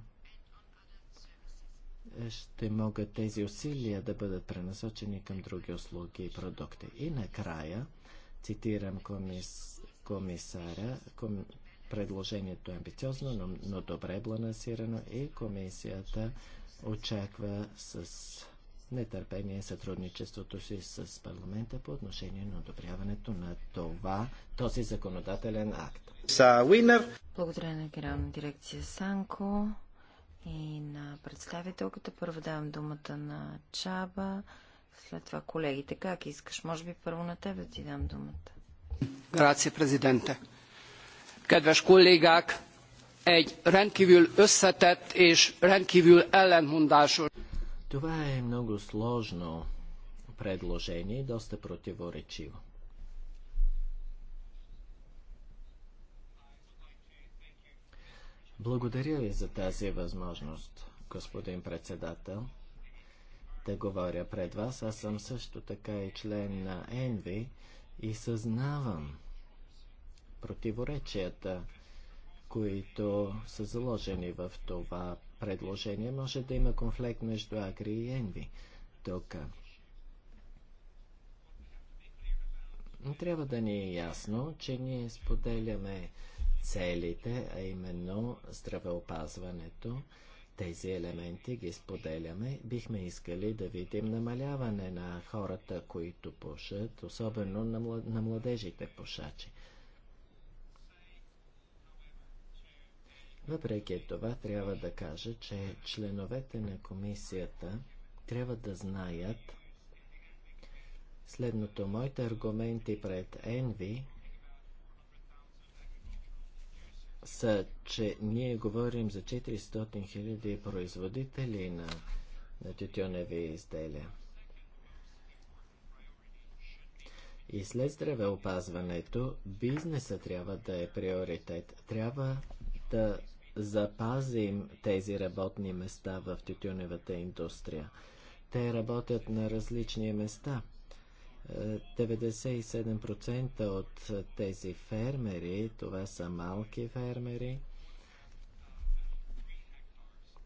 ще могат тези усилия да бъдат пренасочени към други услуги и продукти. И накрая, цитирам комис, комисаря, ком, предложението е амбициозно, но, но добре балансирано и комисията очаква с нетърпение сътрудничеството си с парламента по отношение на одобряването на това, този законодателен акт.
Благодаря на генерална дирекция Санко и на представителката. Първо давам думата на Чаба, след това колегите. Как искаш? Може би първо на тебе да ти дам думата.
Грация, президенте. Kedves kollégák, egy rendkívül összetett és rendkívül ellentmondásos. Това е много сложно предложение, и доста противоречиво. Благодаря ви за тази възможност, господин председател, да говоря пред вас. Аз съм също така и член на ЕНВИ и съзнавам противоречията, които са заложени в това предложение. Може да има конфликт между Агри и Енви. Тук трябва да ни е ясно, че ние споделяме целите, а именно здравеопазването. Тези елементи ги споделяме. Бихме искали да видим намаляване на хората, които пушат, особено на младежите пушачи. Въпреки това, трябва да кажа, че членовете на комисията трябва да знаят следното. Моите аргументи пред Енви са, че ние говорим за 400 000 производители на, на тютюневи изделия. И след здравеопазването, бизнеса трябва да е приоритет. Трябва да запазим тези работни места в тютюневата индустрия. Те работят на различни места – 97% от тези фермери, това са малки фермери,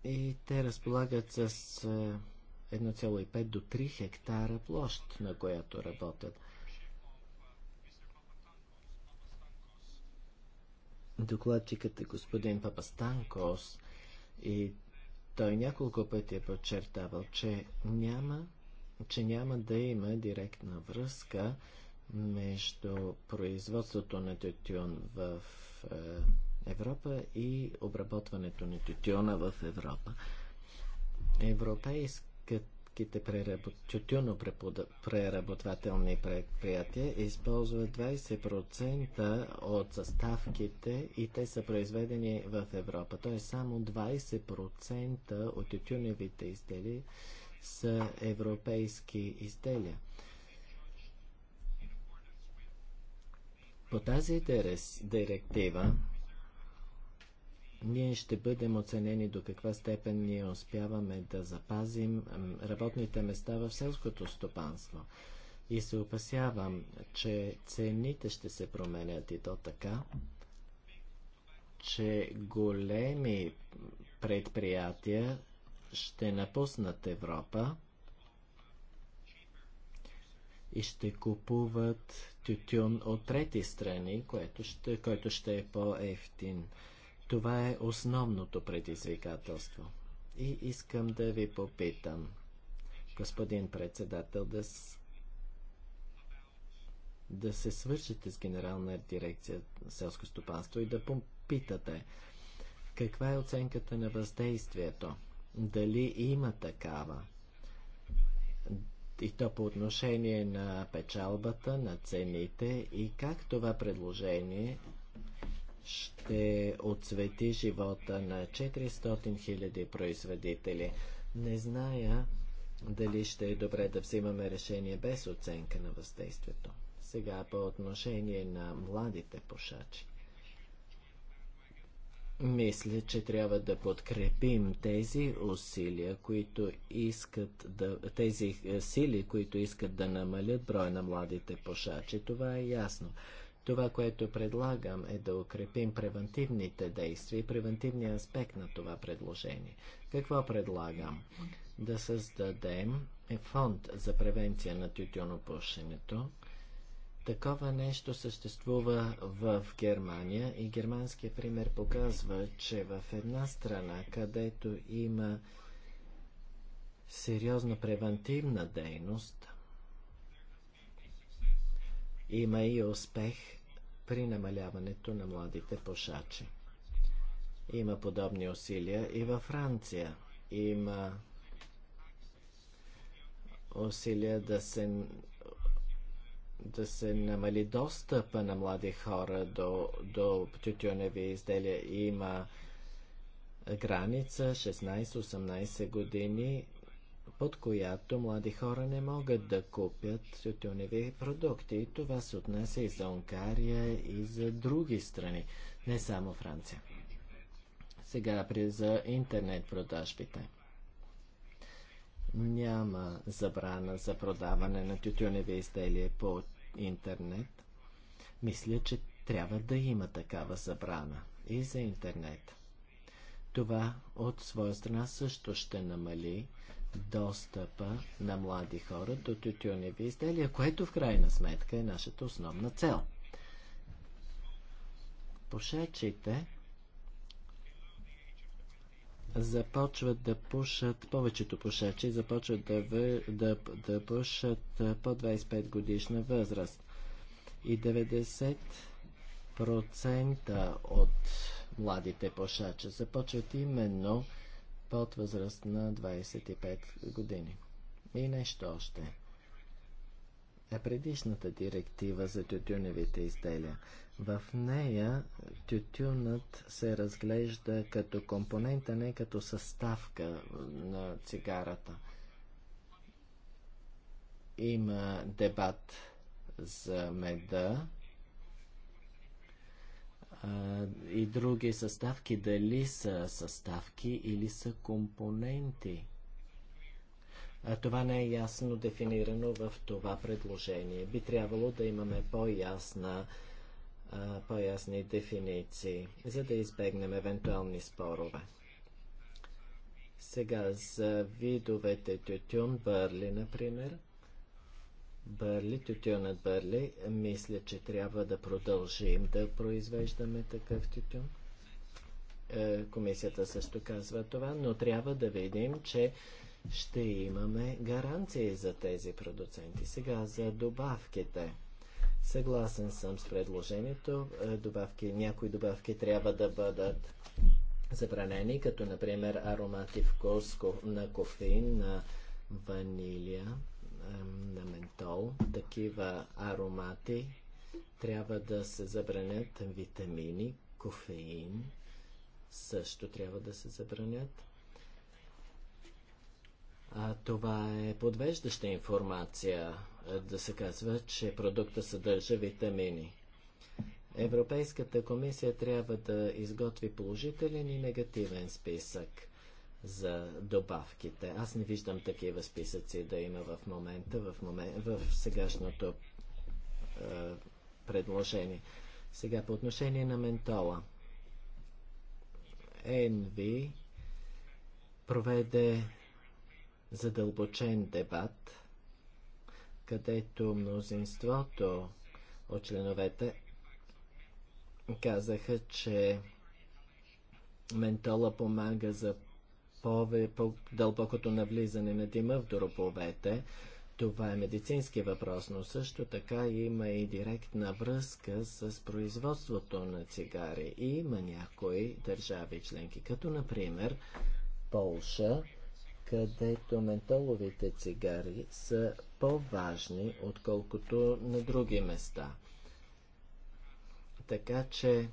и те разполагат с 1,5 е, до 3 хектара площ, на която работят. Докладчикът е господин Папастанкос и той няколко пъти е подчертавал, че няма че няма да има директна връзка между производството на тютюн в е, Европа и обработването на тютюна в Европа. Европейските преработ... тютюнопреработвателни предприятия използват 20% от съставките и те са произведени в Европа. Тоест само 20% от тютюневите изделия са европейски изделия. По тази директива ние ще бъдем оценени до каква степен ние успяваме да запазим работните места в селското стопанство. И се опасявам, че цените ще се променят и то така, че големи предприятия ще напуснат Европа и ще купуват тютюн от трети страни, което ще, който ще е по-ефтин. Това е основното предизвикателство. И искам да ви попитам, господин председател, да, с... да се свържете с Генерална дирекция селско стопанство и да попитате каква е оценката на въздействието – дали има такава. И то по отношение на печалбата, на цените и как това предложение ще отсвети живота на 400 000 производители. Не зная дали ще е добре да взимаме решение без оценка на въздействието. Сега по отношение на младите пушачи. Мисля, че трябва да подкрепим тези усилия, които искат да, тези е, сили, които искат да намалят броя на младите пушачи. Това е ясно. Това, което предлагам е да укрепим превентивните действия и превентивния аспект на това предложение. Какво предлагам? Да създадем фонд за превенция на тютюнопушенето, Такова нещо съществува в Германия и германският пример показва, че в една страна, където има сериозна превентивна дейност, има и успех при намаляването на младите пошачи. Има подобни усилия и във Франция. Има усилия да се да се намали достъпа на млади хора до, до тютюневи изделия. Има граница 16-18 години, под която млади хора не могат да купят тютюневи продукти. И това се отнася и за Унгария, и за други страни, не само Франция. Сега при за интернет продажбите няма забрана за продаване на тютюневи изделия по интернет. Мисля, че трябва да има такава забрана и за интернет. Това от своя страна също ще намали достъпа на млади хора до тютюневи изделия, което в крайна сметка е нашата основна цел. Пошечите, започват да пушат, повечето пушачи започват да, вър, да, да пушат по 25 годишна възраст. И 90% от младите пушачи започват именно под възраст на 25 години. И нещо още. Е предишната директива за тютюневите изделия. В нея тютюнът се разглежда като компонент, а не като съставка на цигарата. Има дебат за меда а, и други съставки, дали са съставки или са компоненти. Това не е ясно дефинирано в това предложение. Би трябвало да имаме по-ясна по-ясни дефиниции, за да избегнем евентуални спорове. Сега за видовете тютюн, бърли, например. Бърли, тютюнът бърли, мисля, че трябва да продължим да произвеждаме такъв тютюн. Е, комисията също казва това, но трябва да видим, че ще имаме гаранции за тези продуценти. Сега за добавките. Съгласен съм с предложението. Е, добавки, някои добавки трябва да бъдат забранени, като например аромати вкус на кофеин, на ванилия, на ментол. Такива аромати трябва да се забранят витамини, кофеин също трябва да се забранят. А, това е подвеждаща информация да се казва, че продукта съдържа витамини. Европейската комисия трябва да изготви положителен и негативен списък за добавките. Аз не виждам такива списъци да има в момента, в, момент, в сегашното е, предложение. Сега по отношение на ментола. ЕНВИ проведе задълбочен дебат, където мнозинството от членовете казаха, че ментола помага за по-дълбокото навлизане на дима в дроповете. Това е медицински въпрос, но също така има и директна връзка с производството на цигари. И има някои държави членки, като например Полша, където ментоловите цигари са по-важни, отколкото на други места. Така че,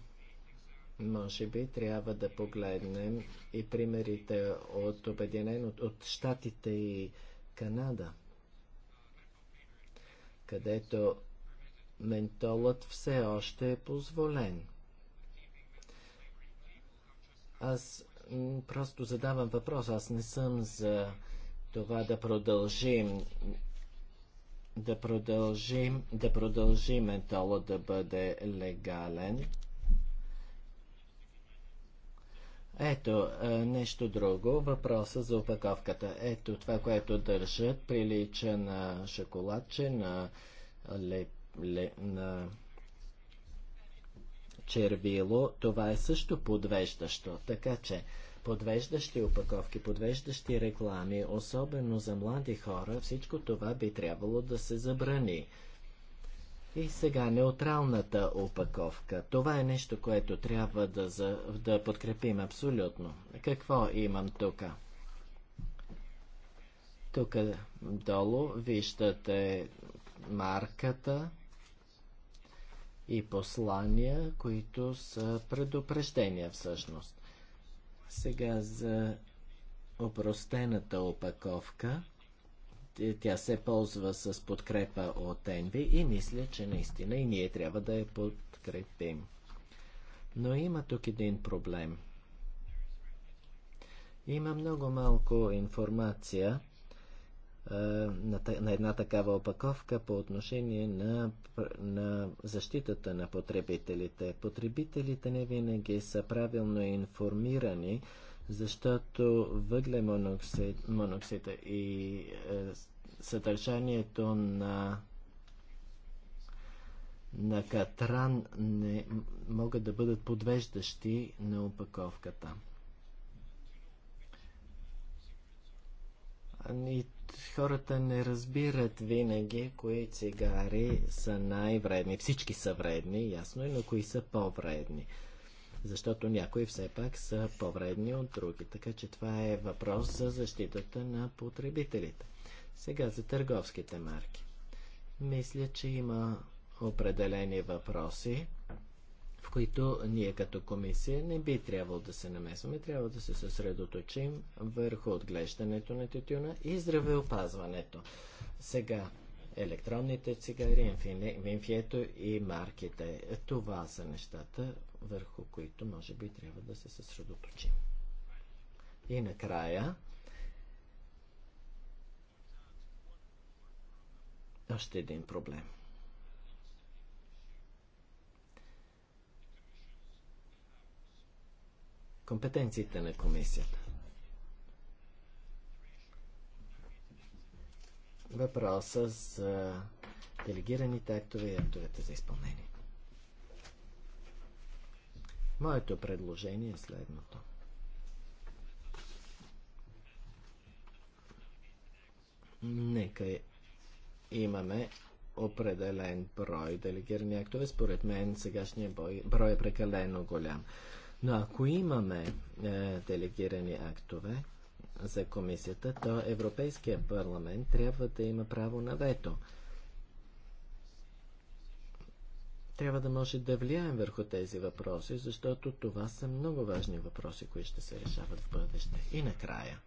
може би, трябва да погледнем и примерите от Обединеното, от Штатите и Канада, където ментолът все още е позволен. Аз просто задавам въпрос. Аз не съм за това да продължим да продължим, да продължим ментола да бъде легален. Ето, нещо друго. Въпроса за опаковката. Ето, това, което държат, прилича на шоколадче, на, леп, леп, на червило, това е също подвеждащо. Така че подвеждащи опаковки, подвеждащи реклами, особено за млади хора, всичко това би трябвало да се забрани. И сега неутралната опаковка. Това е нещо, което трябва да, за, да подкрепим абсолютно. Какво имам тук? Тук долу виждате марката, и послания, които са предупреждения всъщност. Сега за опростената опаковка. Е, тя се ползва с подкрепа от Енви и мисля, че наистина и ние трябва да я подкрепим. Но има тук един проблем. Има много малко информация на една такава опаковка по отношение на, на защитата на потребителите. Потребителите не винаги са правилно информирани, защото въглемоноксид моноксида и е, съдържанието на на катран не могат да бъдат подвеждащи на опаковката. И хората не разбират винаги кои цигари са най-вредни. Всички са вредни, ясно е, но кои са по-вредни. Защото някои все пак са по-вредни от други. Така че това е въпрос за защитата на потребителите. Сега за търговските марки. Мисля, че има определени въпроси, в които ние като комисия не би трябвало да се намесваме, трябва да се съсредоточим върху отглеждането на тютюна и здравеопазването. Сега, електронните цигари, винфието и марките. Това са нещата, върху които може би трябва да се съсредоточим. И накрая, още един проблем – компетенциите на комисията. Въпроса за делегираните актове и актовете за изпълнение. Моето предложение е следното. Нека имаме определен брой делегирани актове. Според мен сегашният брой, брой е прекалено голям. Но ако имаме е, делегирани актове за комисията, то Европейския парламент трябва да има право на вето. Трябва да може да влияем върху тези въпроси, защото това са много важни въпроси, които ще се решават в бъдеще. И накрая.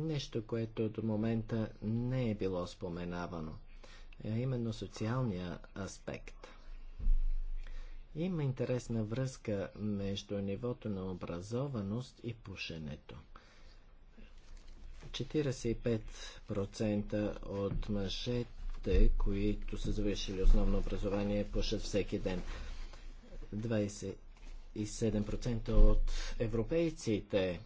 нещо, което до момента не е било споменавано, е именно социалния аспект. Има интересна връзка между нивото на образованост и пушенето. 45% от мъжете, които са завършили основно образование, пушат всеки ден. 27% от европейците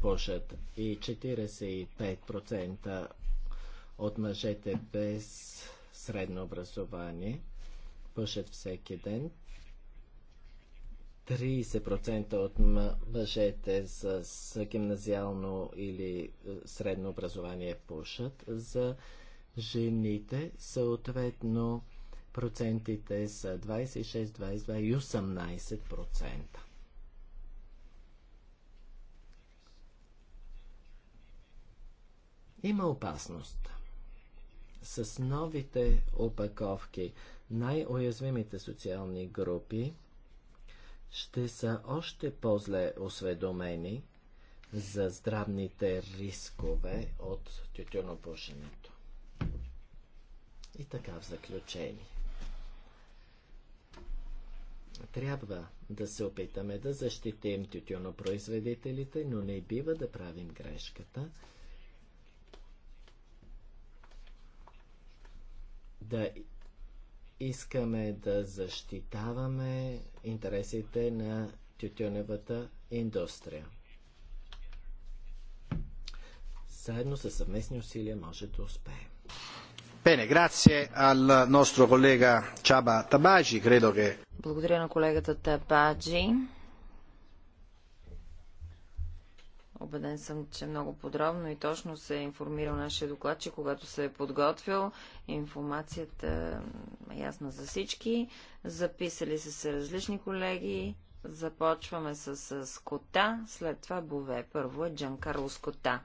пушат и 45% от мъжете без средно образование пушат всеки ден. 30% от мъжете с, гимназиално или е, средно образование пушат. За жените съответно процентите са 26, 22 и 18%. Има опасност. С новите опаковки най-уязвимите социални групи – ще са още по-зле осведомени за здравните рискове от тютюнопушенето. И така в заключение. Трябва да се опитаме да защитим тютюнопроизводителите, но не бива да правим грешката да Искаме да защитаваме интересите на тютюневата индустрия. Заедно с съвместни усилия може да успеем.
Bene, grazie al nostro collega Ciaba Tabagi, credo che...
Благодаря на колегата Табаджи. Обеден съм, че много подробно и точно се е информирал нашия доклад, че когато се е подготвил, информацията е ясна за всички. Записали са се различни колеги. Започваме с Скота, след това Бове. Първо е Джан Карло Скота.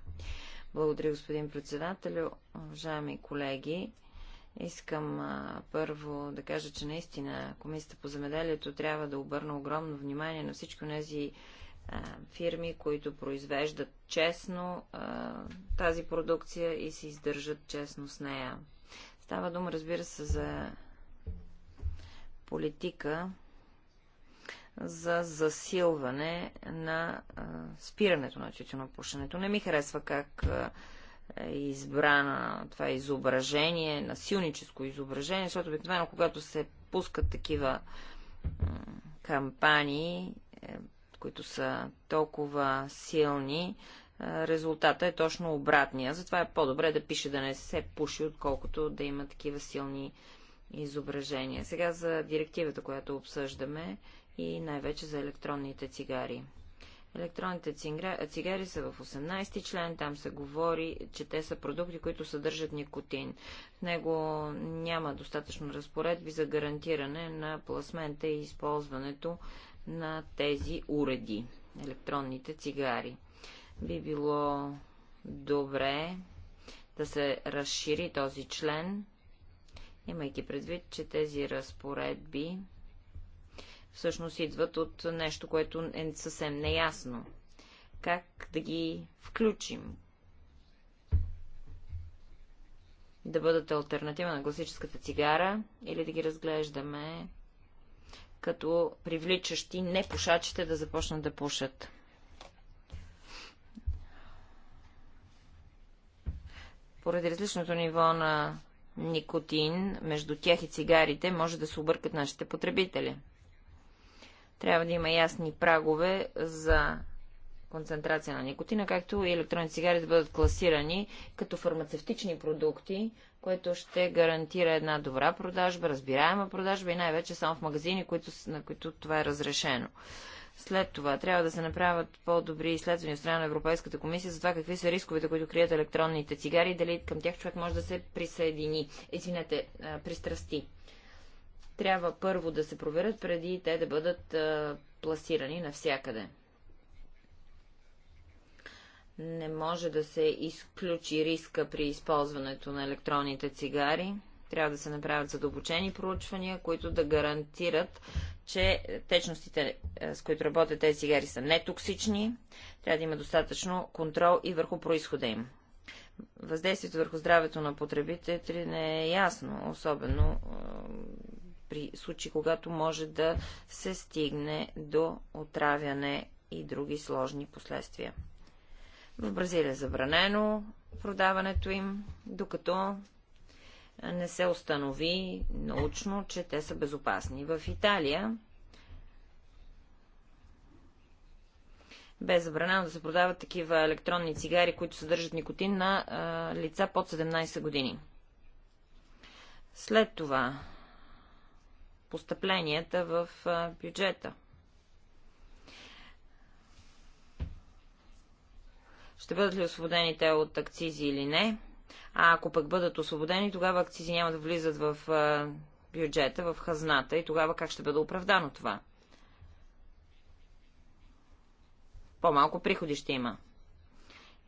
Благодаря, господин председател, Уважаеми колеги, Искам първо да кажа, че наистина Комисията по земеделието трябва да обърна огромно внимание на всички тези фирми, които произвеждат честно тази продукция и се издържат честно с нея. Става дума, разбира се, за политика за засилване на спирането на тютюнопушенето. Не ми харесва как е избрана това изображение, насилническо изображение, защото обикновено, когато се пускат такива кампании, е, които са толкова силни, резултата е точно обратния. Затова е по-добре да пише да не се пуши, отколкото да има такива силни изображения. Сега за директивата, която обсъждаме и най-вече за електронните цигари. Електронните цигари са в 18 ти член, там се говори, че те са продукти, които съдържат никотин. В него няма достатъчно разпоредби за гарантиране на пласмента и използването на тези уреди, електронните цигари. Би било добре да се разшири този член, имайки предвид, че тези разпоредби всъщност идват от нещо, което е съвсем неясно. Как да ги включим? Да бъдат альтернатива на класическата цигара или да ги разглеждаме като привличащи непушачите да започнат да пушат. Поради различното ниво на никотин между тях и цигарите може да се объркат нашите потребители. Трябва да има ясни прагове за концентрация на никотина, както и електронни цигари да бъдат класирани като фармацевтични продукти, което ще гарантира една добра продажба, разбираема продажба и най-вече само в магазини, които, на които това е разрешено. След това трябва да се направят по-добри изследвания от страна на Европейската комисия за това какви са рисковете, които крият електронните цигари и дали към тях човек може да се присъедини, извинете, пристрасти. Трябва първо да се проверят преди те да бъдат а, пласирани навсякъде. Не може да се изключи риска при използването на електронните цигари. Трябва да се направят задълбочени проучвания, които да гарантират, че течностите, е, с които работят тези цигари, са нетоксични. Трябва да има достатъчно контрол и върху происхода им. Въздействието върху здравето на потребителите не е ясно, особено е, при случаи, когато може да се стигне до отравяне и други сложни последствия. В Бразилия е забранено продаването им, докато не се установи научно, че те са безопасни. В Италия бе забранено да се продават такива електронни цигари, които съдържат никотин на а, лица под 17 години. След това постъпленията в а, бюджета – ще бъдат ли освободени те от акцизи или не. А ако пък бъдат освободени, тогава акцизи няма да влизат в бюджета, в хазната и тогава как ще бъде оправдано това? По-малко приходи ще има.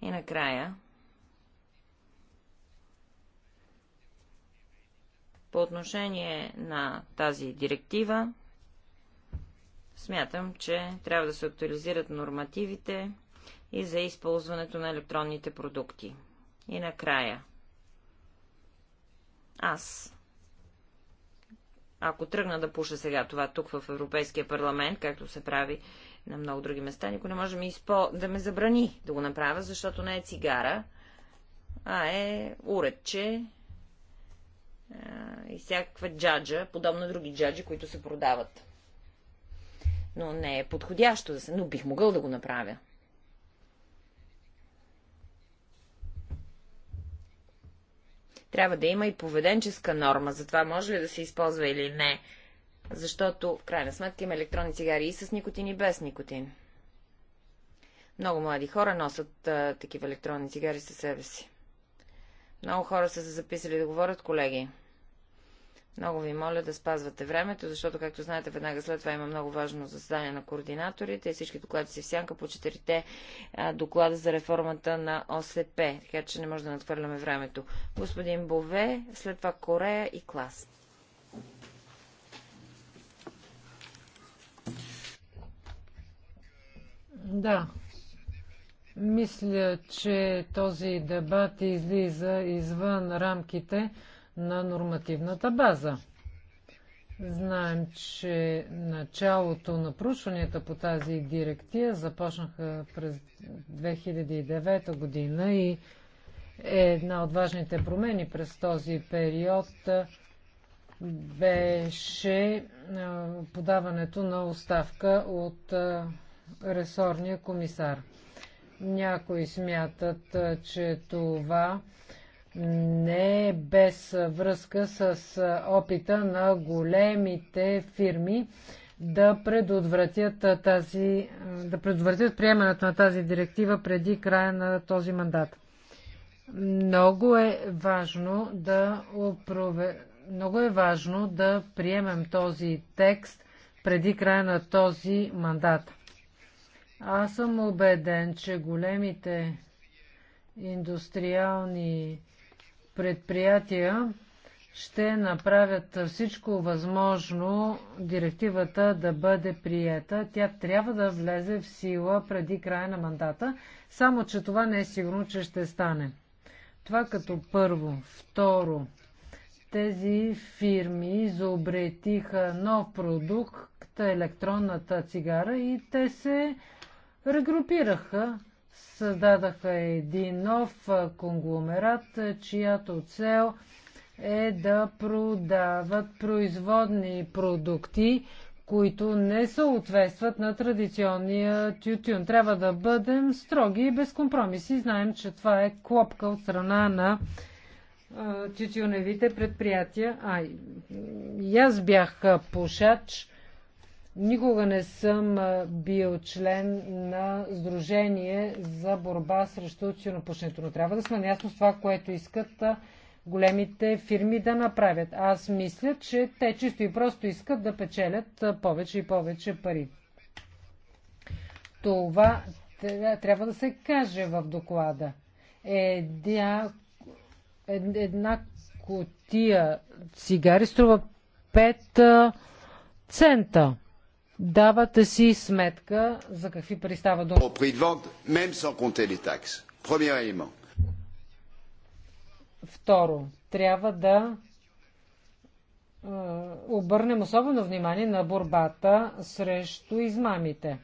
И накрая, по отношение на тази директива, смятам, че трябва да се актуализират нормативите и за използването на електронните продукти. И накрая. Аз. Ако тръгна да пуша сега това тук в Европейския парламент, както се прави на много други места, никой не може ми изпо... да ме забрани да го направя, защото не е цигара, а е уредче и всякаква джаджа, подобно други джаджи, които се продават. Но не е подходящо да се, но бих могъл да го направя. трябва да има и поведенческа норма за това може ли да се използва или не. Защото, в крайна сметка, има електронни цигари и с никотин, и без никотин. Много млади хора носят а, такива електронни цигари със себе си. Много хора са се записали да говорят, колеги. Много ви моля да спазвате времето, защото, както знаете, веднага след това има много важно заседание на координаторите и всички доклади си в сянка по четирите доклада за реформата на ОСП, така че не може да надхвърляме времето. Господин Бове, след това Корея и клас.
Да. Мисля, че този дебат излиза извън рамките на нормативната база. Знаем, че началото на проучванията по тази директива започнаха през 2009 година и е една от важните промени през този период беше подаването на оставка от ресорния комисар. Някои смятат, че това не е без връзка с опита на големите фирми да предотвратят, тази, да предотвратят приемането на тази директива преди края на този мандат. Много е важно да, опрове... много е важно да приемем този текст преди края на този мандат. Аз съм убеден, че големите индустриални предприятия ще направят всичко възможно директивата да бъде приета. Тя трябва да влезе в сила преди края на мандата, само че това не е сигурно, че ще стане. Това като първо. Второ, тези фирми изобретиха нов продукт, електронната цигара и те се регрупираха създадаха един нов конгломерат, чиято цел е да продават производни продукти, които не съответстват на традиционния тютюн. Трябва да бъдем строги и без компромиси. Знаем, че това е клопка от страна на тютюневите предприятия. Ай, и аз бях пушач Никога не съм бил член на Сдружение за борба срещу тютюнопушенето, но трябва да сме наясно с това, което искат големите фирми да направят. Аз мисля, че те чисто и просто искат да печелят повече и повече пари. Това трябва да се каже в доклада. Една, една котия цигари струва 5 цента. Давате си сметка за какви става дума. Второ, трябва да е, обърнем особено внимание на борбата срещу измамите.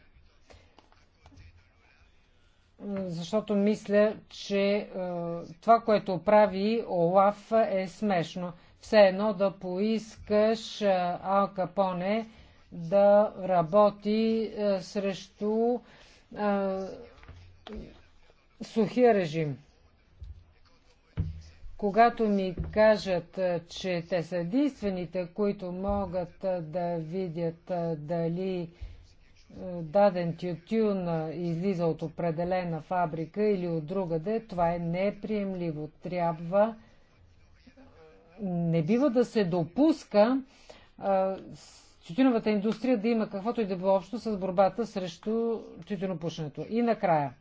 Защото мисля, че е, това, което прави Олаф е смешно. Все едно да поискаш е, Алка Поне да работи а, е, срещу а, е, сухия режим. Когато ми кажат, е, че те са единствените, които могат да видят дали даден тютюн излиза от определена фабрика или от другаде, това е неприемливо. Трябва, не бива да се допуска а, тютюновата индустрия да има каквото и да било общо с борбата срещу тютюнопушенето. И накрая.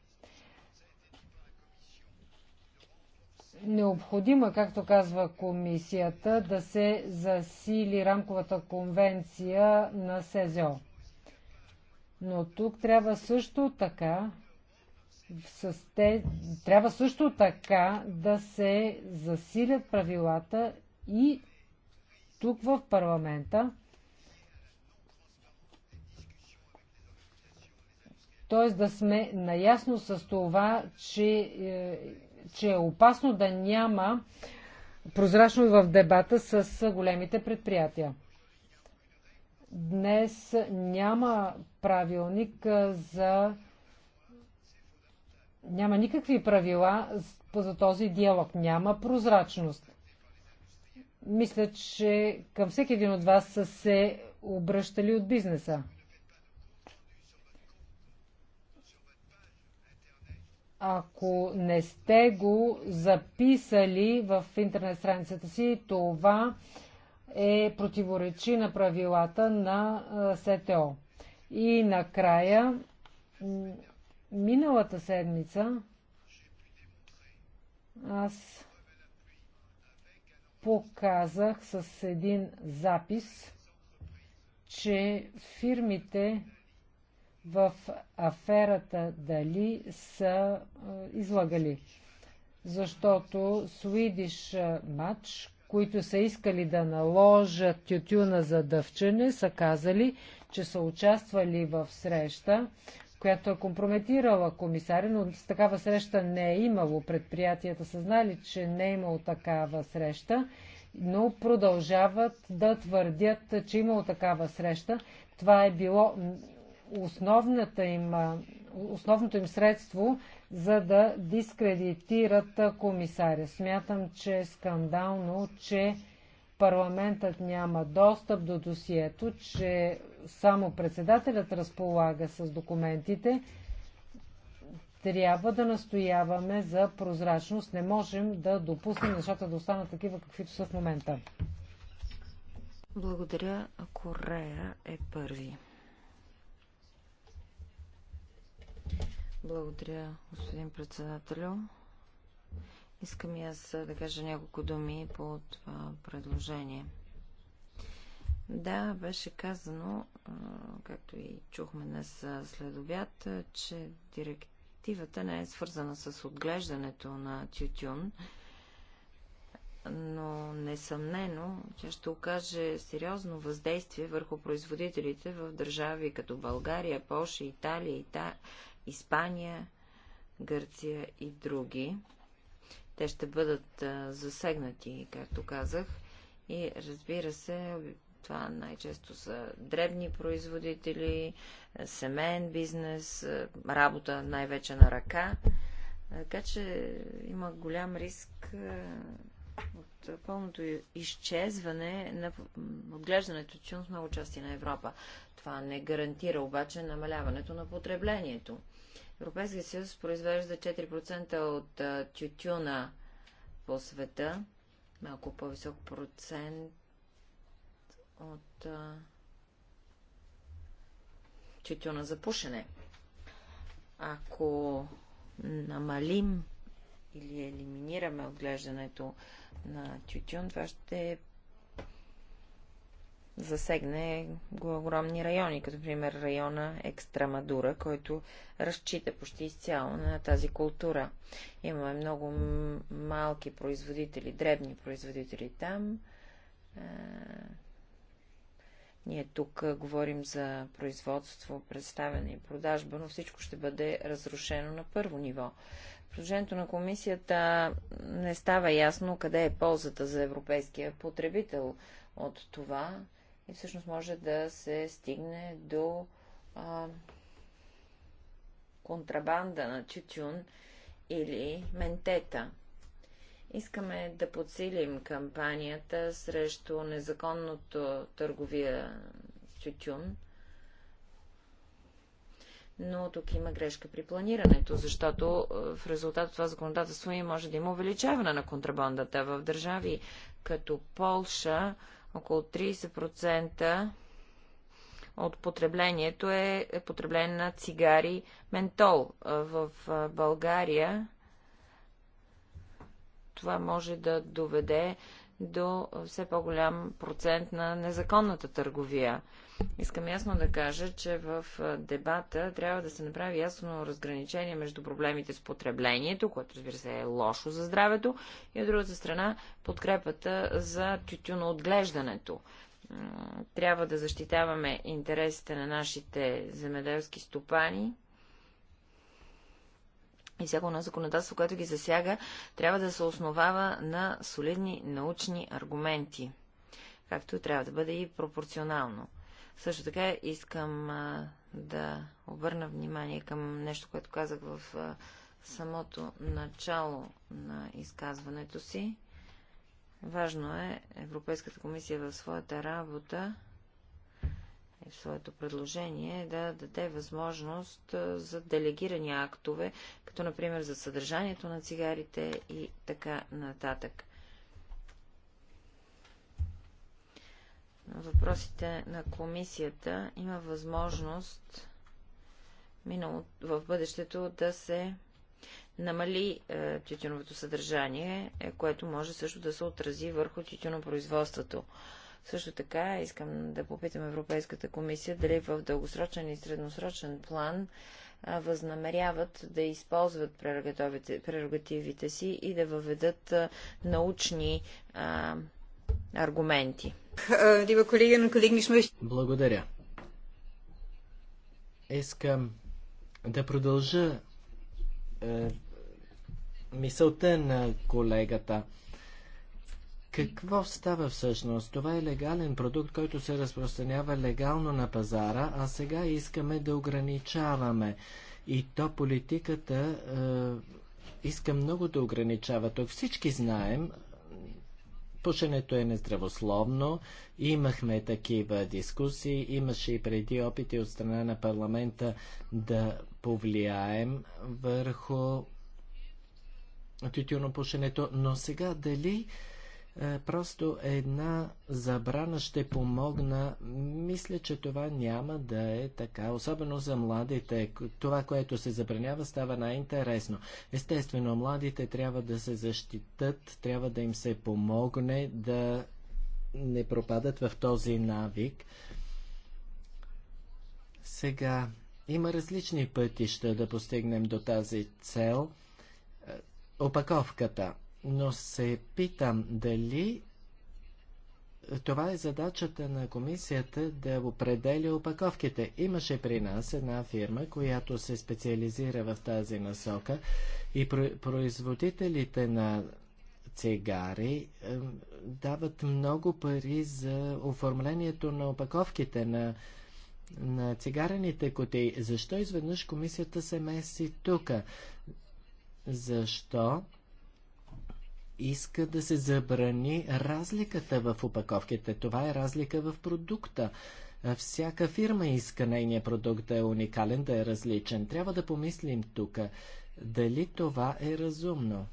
Необходимо, е, както казва комисията, да се засили рамковата конвенция на СЗО. Но тук трябва също така с те, трябва също така да се засилят правилата и тук в парламента т.е. да сме наясно с това, че, е, че е опасно да няма прозрачност в дебата с големите предприятия. Днес няма правилник е, за. Няма никакви правила за този диалог. Няма прозрачност. Мисля, че към всеки един от вас са се обръщали от бизнеса. Ако не сте го записали в интернет страницата си, това е противоречи на правилата на СТО. И накрая, миналата седмица аз показах с един запис, че фирмите в аферата дали са излагали. Защото Swedish Match, които са искали да наложат тютюна за дъвчене, са казали, че са участвали в среща, която е компрометирала комисаря, но с такава среща не е имало. Предприятията са знали, че не е имало такава среща, но продължават да твърдят, че е имало такава среща. Това е било основната им, основното им средство, за да дискредитират комисаря. Смятам, че е скандално, че парламентът няма достъп до досието, че само председателят разполага с документите. Трябва да настояваме за прозрачност. Не можем да допуснем нещата да останат такива, каквито са в момента. Благодаря. Корея е първи.
Благодаря, господин председателю. Искам и аз да кажа няколко думи по това предложение. Да, беше казано, както и чухме днес след обяд, че директивата не е свързана с отглеждането на тютюн, но несъмнено тя ще окаже сериозно въздействие върху производителите в държави като България, Польша, Италия, Италия Испания, Гърция и други. Те ще бъдат засегнати, както казах. И разбира се, това най-често са дребни производители, семейен бизнес, работа най-вече на ръка. Така че има голям риск от пълното изчезване на отглеждането чун в много части на Европа. Това не гарантира обаче намаляването на потреблението. Европейския съюз произвежда 4% от а, тютюна по света, малко по-висок процент от а, тютюна за пушене. Ако намалим или елиминираме отглеждането на тютюн, това ще засегне огромни райони, като пример района Екстрамадура, който разчита почти изцяло на тази култура. Имаме много малки производители, дребни производители там. Ние тук говорим за производство, представяне и продажба, но всичко ще бъде разрушено на първо ниво. Предложението на комисията не става ясно къде е ползата за европейския потребител от това, и всъщност може да се стигне до а, контрабанда на чечун или ментета. Искаме да подсилим кампанията срещу незаконното търговия с но тук има грешка при планирането, защото в резултат от това законодателство и може да има увеличаване на контрабандата. В държави като Полша около 30% от потреблението е, е потребление на цигари ментол. В България това може да доведе до все по-голям процент на незаконната търговия. Искам ясно да кажа, че в дебата трябва да се направи ясно разграничение между проблемите с потреблението, което разбира се е лошо за здравето, и от другата страна подкрепата за тютюноотглеждането. Трябва да защитаваме интересите на нашите земеделски стопани, и всяко на законодателство, което ги засяга, трябва да се основава на солидни научни аргументи, както трябва да бъде и пропорционално. Също така искам а, да обърна внимание към нещо, което казах в а, самото начало на изказването си. Важно е Европейската комисия в своята работа и в своето предложение да даде възможност за делегирани актове, като например за съдържанието на цигарите и така нататък. въпросите на комисията има възможност минало, в бъдещето да се намали е, тютюновото съдържание, е, което може също да се отрази върху тютюнопроизводството. Също така искам да попитам Европейската комисия дали в дългосрочен и средносрочен план а, възнамеряват да използват прерогативите си и да въведат а, научни а, аргументи.
Благодаря. Искам да продължа е, мисълта на колегата. Какво става всъщност? Това е легален продукт, който се разпространява легално на пазара, а сега искаме да ограничаваме. И то политиката е, иска много да ограничава. Тук всички знаем, Пушенето е нездравословно. Имахме такива дискусии. Имаше и преди опити от страна на парламента да повлияем върху тютюнопушенето. Но сега дали е, просто една забрана ще помогна. Мисля, че това няма да е така. Особено за младите. Това, което се забранява, става най-интересно. Естествено, младите трябва да се защитат, трябва да им се помогне да не пропадат в този навик. Сега, има различни пътища да постигнем до тази цел. Е, опаковката – но се питам дали това е задачата на комисията да определя опаковките. Имаше при нас една фирма, която се специализира в тази насока и производителите на цигари дават много пари за оформлението на опаковките на, на цигарените кутии. Защо изведнъж комисията се меси тук? Защо иска да се забрани разликата в упаковките. Това е разлика в продукта. Всяка фирма иска нейния продукт да е уникален, да е различен. Трябва да помислим тук дали това е разумно.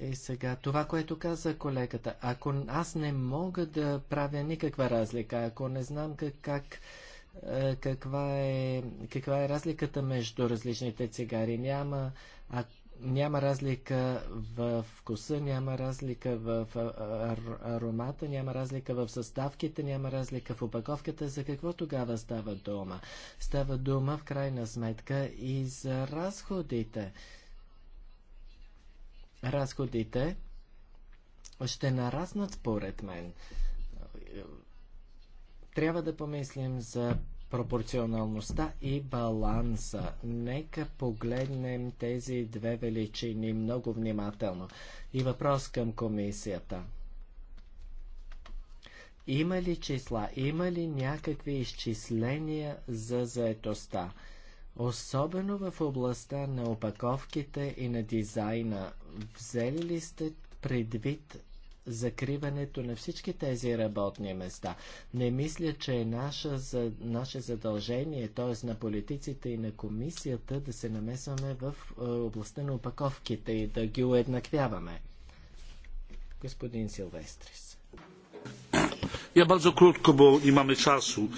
И е, сега това, което каза колегата, ако аз не мога да правя никаква разлика, ако не знам как, как каква е, каква е разликата между различните цигари, няма, а няма разлика в вкуса, няма разлика в аромата, няма разлика в съставките, няма разлика в опаковката. За какво тогава става дума? Става дума в крайна сметка и за разходите. Разходите ще нараснат според мен. Трябва да помислим за пропорционалността и баланса. Нека погледнем тези две величини много внимателно. И въпрос към комисията. Има ли числа, има ли някакви изчисления за заетостта? Особено в областта на опаковките и на дизайна, взели ли сте предвид закриването на всички тези работни места. Не мисля, че е наша, за, наше задължение, т.е. на политиците и на комисията да се намесваме в е, областта на опаковките и да ги уеднаквяваме. Господин Силвестрис. Я бързо кротко, бо имаме часу.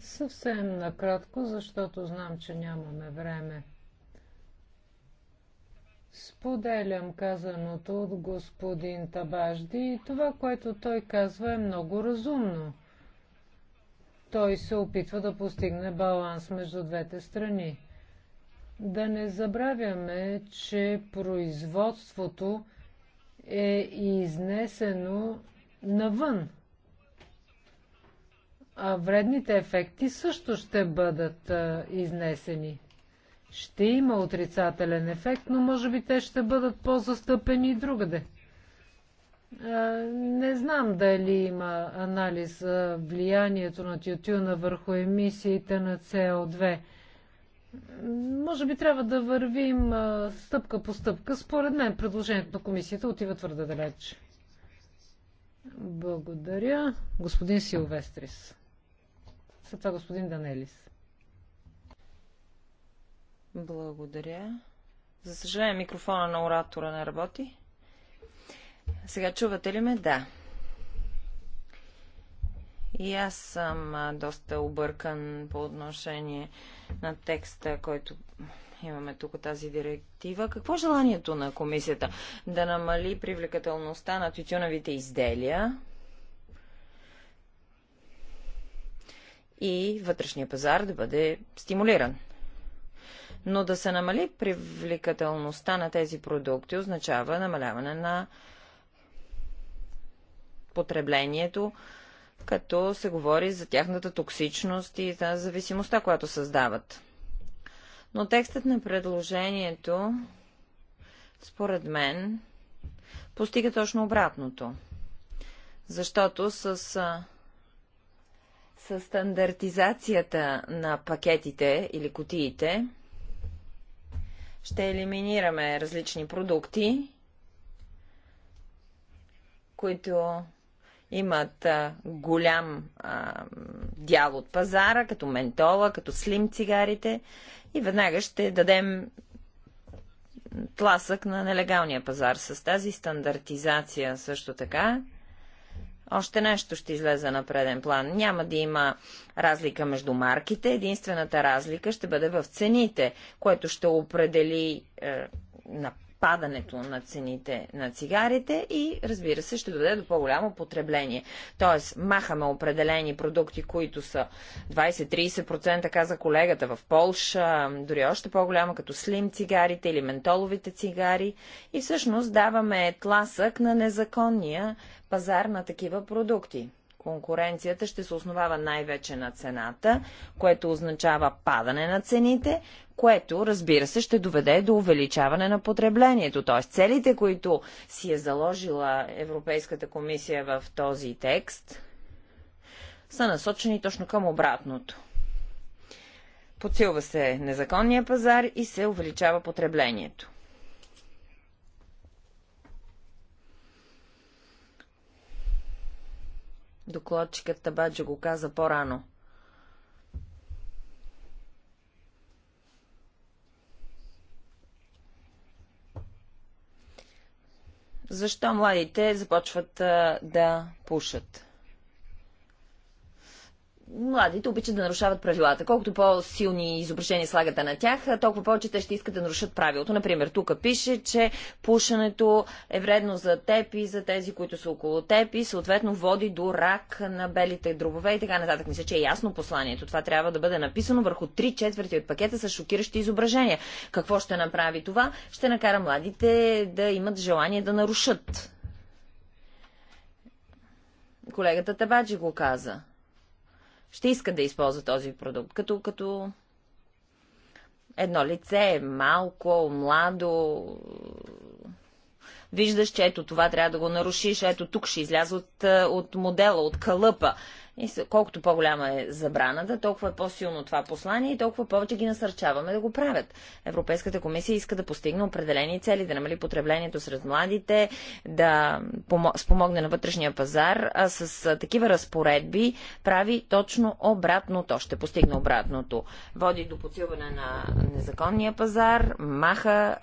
Съвсем накратко, защото знам, че нямаме време. Споделям казаното от господин Табажди и това, което той казва е много разумно. Той се опитва да постигне баланс между двете страни. Да не забравяме, че производството е изнесено навън. А вредните ефекти също ще бъдат изнесени ще има отрицателен ефект, но може би те ще бъдат по-застъпени и другаде. Не знам дали има анализ за влиянието на тютюна върху емисиите на СО2. Може би трябва да вървим стъпка по стъпка. Според мен предложението на комисията отива твърде далеч. Благодаря. Господин Силвестрис. След това господин Данелис. Благодаря.
За съжаление, микрофона на оратора не работи. Сега чувате ли ме? Да. И аз съм доста объркан по отношение на текста, който имаме тук тази директива. Какво е желанието на комисията? Да намали привлекателността на тютюновите изделия и вътрешния пазар да бъде стимулиран но да се намали привлекателността на тези продукти означава намаляване на потреблението, като се говори за тяхната токсичност и за зависимостта, която създават. Но текстът на предложението, според мен, постига точно обратното. Защото с, с стандартизацията на пакетите или котиите, ще елиминираме различни продукти, които имат а, голям а, дял от пазара, като ментола, като слим цигарите и веднага ще дадем тласък на нелегалния пазар. С тази стандартизация също така още нещо ще излезе на преден план. Няма да има разлика между марките, единствената разлика ще бъде в цените, което ще определи е, на падането на цените на цигарите и, разбира се, ще доведе до по-голямо потребление. Тоест, махаме определени продукти, които са 20-30%, каза колегата в Полша, дори още по-голяма, като слим цигарите или ментоловите цигари. И всъщност даваме тласък на незаконния пазар на такива продукти конкуренцията ще се основава най-вече на цената, което означава падане на цените, което, разбира се, ще доведе до увеличаване на потреблението. Т.е. целите, които си е заложила Европейската комисия в този текст, са насочени точно към обратното. Подсилва се незаконния пазар и се увеличава потреблението. Докладчикът Табаджа го каза по-рано. Защо младите започват а, да пушат? младите обичат да нарушават правилата. Колкото по-силни изображения слагате на тях, толкова повече те ще искат да нарушат правилото. Например, тук пише, че пушенето е вредно за теб и за тези, които са около теб и съответно води до рак на белите дробове и така нататък. Мисля, че е ясно посланието. Това трябва да бъде написано върху три четвърти от пакета с шокиращи изображения. Какво ще направи това? Ще накара младите да имат желание да нарушат. Колегата Табаджи го каза ще искат да използват този продукт. Като, като едно лице, малко, младо, виждаш, че ето това трябва да го нарушиш, ето тук ще изляза от, е, от модела, от калъпа. И колкото по-голяма е забраната, толкова е по-силно това послание и толкова повече ги насърчаваме да го правят. Европейската комисия иска да постигне определени цели, да намали потреблението сред младите, да спомогне на вътрешния пазар, а с такива разпоредби прави точно обратното. Ще постигне обратното. Води до подсилване на незаконния пазар, маха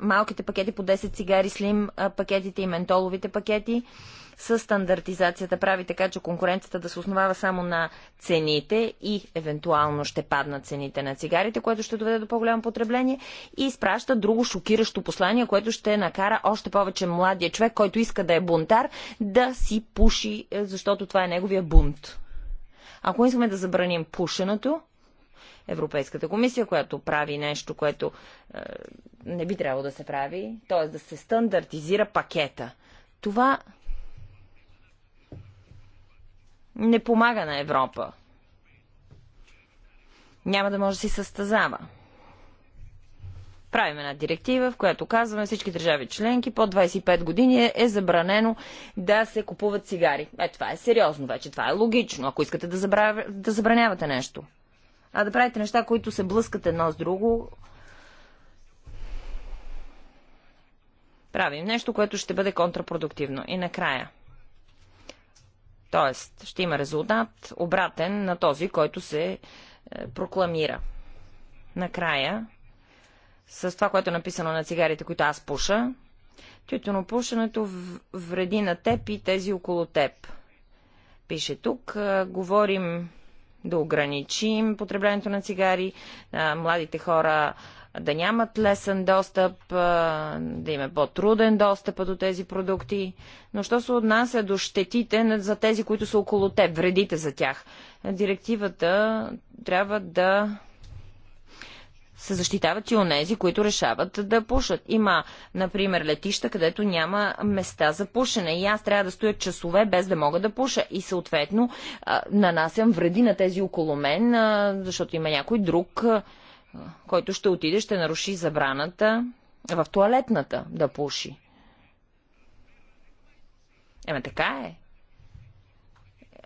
малките пакети по 10 цигари, слим пакетите и ментоловите пакети с стандартизацията прави така, че конкуренцията да се основава само на цените и евентуално ще паднат цените на цигарите, което ще доведе до по-голямо потребление и изпраща друго шокиращо послание, което ще накара още повече младия човек, който иска да е бунтар, да си пуши, е, защото това е неговия бунт. Ако искаме да забраним пушенето, Европейската комисия, която прави нещо, което е, не би трябвало да се прави, т.е. да се стандартизира пакета. Това не помага на Европа. Няма да може да си състезава. Правим една директива, в която казваме всички държави членки под 25 години е, е забранено да се купуват цигари. Е, това е сериозно вече, това е логично, ако искате да, забравя, да забранявате нещо. А да правите неща, които се блъскат едно с друго, правим нещо, което ще бъде контрапродуктивно. И накрая – Тоест, ще има резултат обратен на този, който се е, прокламира. Накрая, с това, което е написано на цигарите, които аз пуша, тютюнопушенето вреди на теб и тези около теб. Пише тук, е, говорим да ограничим потреблението на цигари, младите хора да нямат лесен достъп, да им е по-труден достъп до тези продукти. Но що се отнася до щетите за тези, които са около теб, вредите за тях? Директивата трябва да се защитават и онези, които решават да пушат. Има, например, летища, където няма места за пушене и аз трябва да стоя часове без да мога да пуша и съответно нанасям вреди на тези около мен, защото има някой друг, който ще отиде, ще наруши забраната в туалетната да пуши. Ема така е.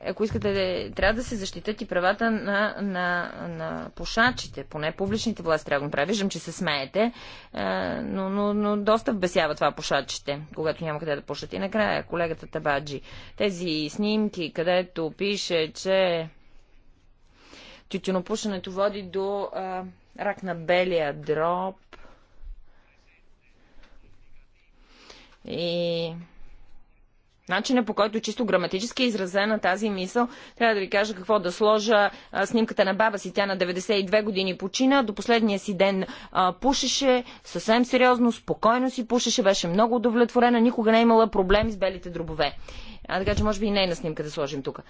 Ако искате, трябва да се защитат и правата на, на, на пушачите, поне публичните власти трябва да го направят. Виждам, че се смеете, е, но, но, но доста вбесява това пушачите, когато няма къде да пушат. И накрая, колегата Табаджи, тези снимки, където пише, че тютюнопушенето води до а, е, рак на белия дроб и начинът по който чисто граматически е изразена тази мисъл, трябва да ви кажа какво да сложа снимката на баба си. Тя на 92 години почина, до последния си ден а, пушеше, съвсем сериозно, спокойно си пушеше, беше много удовлетворена, никога не е имала проблеми с белите дробове. А, така че може би и нейна е снимка да сложим тук.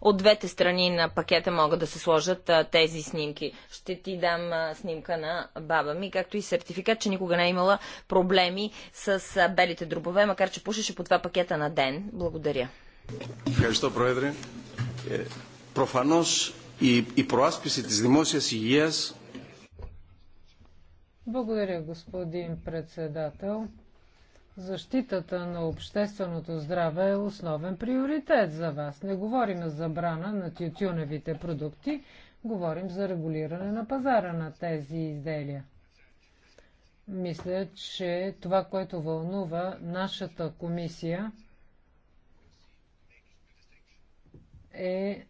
от двете страни на пакета могат да се сложат а, тези снимки. Ще ти дам а, снимка на баба ми, както и сертификат, че никога не е имала проблеми с а, белите дробове, макар че пушеше по два пакета на ден. Благодаря.
Ευχαριστώ, Πρόεδρε. Ε, προφανώς η, η προάσπιση της δημόσιας υγείας...
Благодаря, господин председател. Защитата на общественото здраве е основен приоритет за вас. Не говорим за забрана на тютюневите продукти, говорим за регулиране на пазара на тези изделия. Мисля, че това, което вълнува нашата комисия е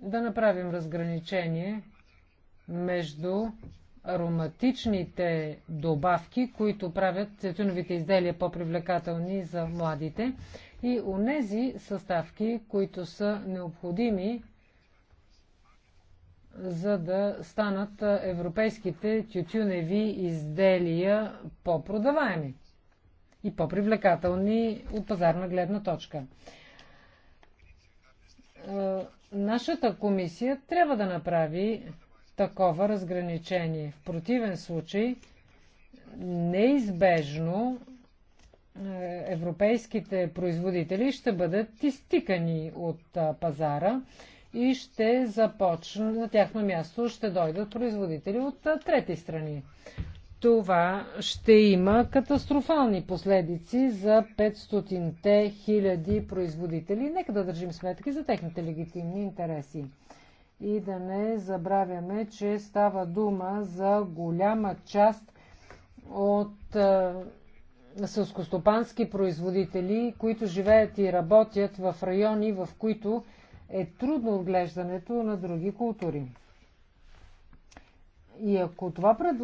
да направим разграничение между ароматичните добавки, които правят тютюновите изделия по-привлекателни за младите и онези съставки, които са необходими за да станат европейските тютюневи изделия по-продаваеми и по-привлекателни от пазарна гледна точка. Е, нашата комисия трябва да направи такова разграничение. В противен случай, неизбежно е, европейските производители ще бъдат изтикани от пазара и ще започнат, на тяхно място ще дойдат производители от трети страни. Това ще има катастрофални последици за 500-те хиляди производители. Нека да държим сметки за техните легитимни интереси и да не забравяме, че става дума за голяма част от е, сълскостопански производители, които живеят и работят в райони, в които е трудно отглеждането на други култури. И ако това пред...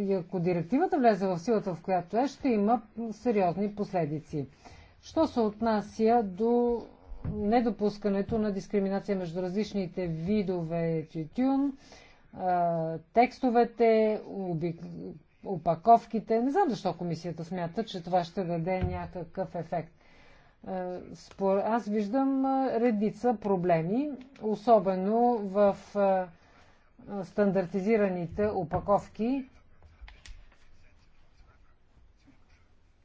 И ако директивата влезе в силата, в която е, ще има сериозни последици. Що се отнася до недопускането на дискриминация между различните видове тютюн, текстовете, опаковките. Не знам защо комисията смята, че това ще даде някакъв ефект. Аз виждам редица проблеми, особено в стандартизираните опаковки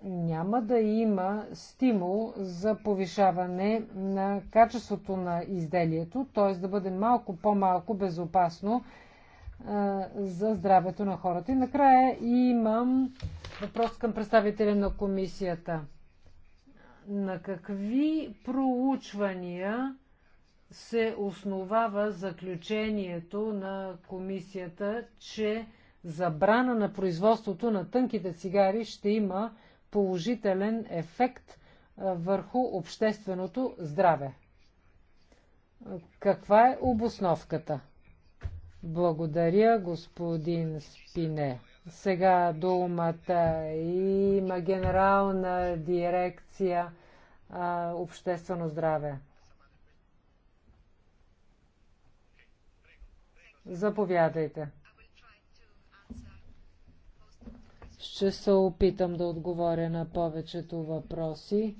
няма да има стимул за повишаване на качеството на изделието, т.е. да бъде малко по-малко безопасно а, за здравето на хората. И накрая имам въпрос към представителя на комисията. На какви проучвания се основава заключението на комисията, че забрана на производството на тънките цигари ще има положителен ефект върху общественото здраве. Каква е обосновката? Благодаря, господин Спине. Сега думата има генерална дирекция а, обществено здраве. Заповядайте. Ще се опитам да отговоря на повечето въпроси.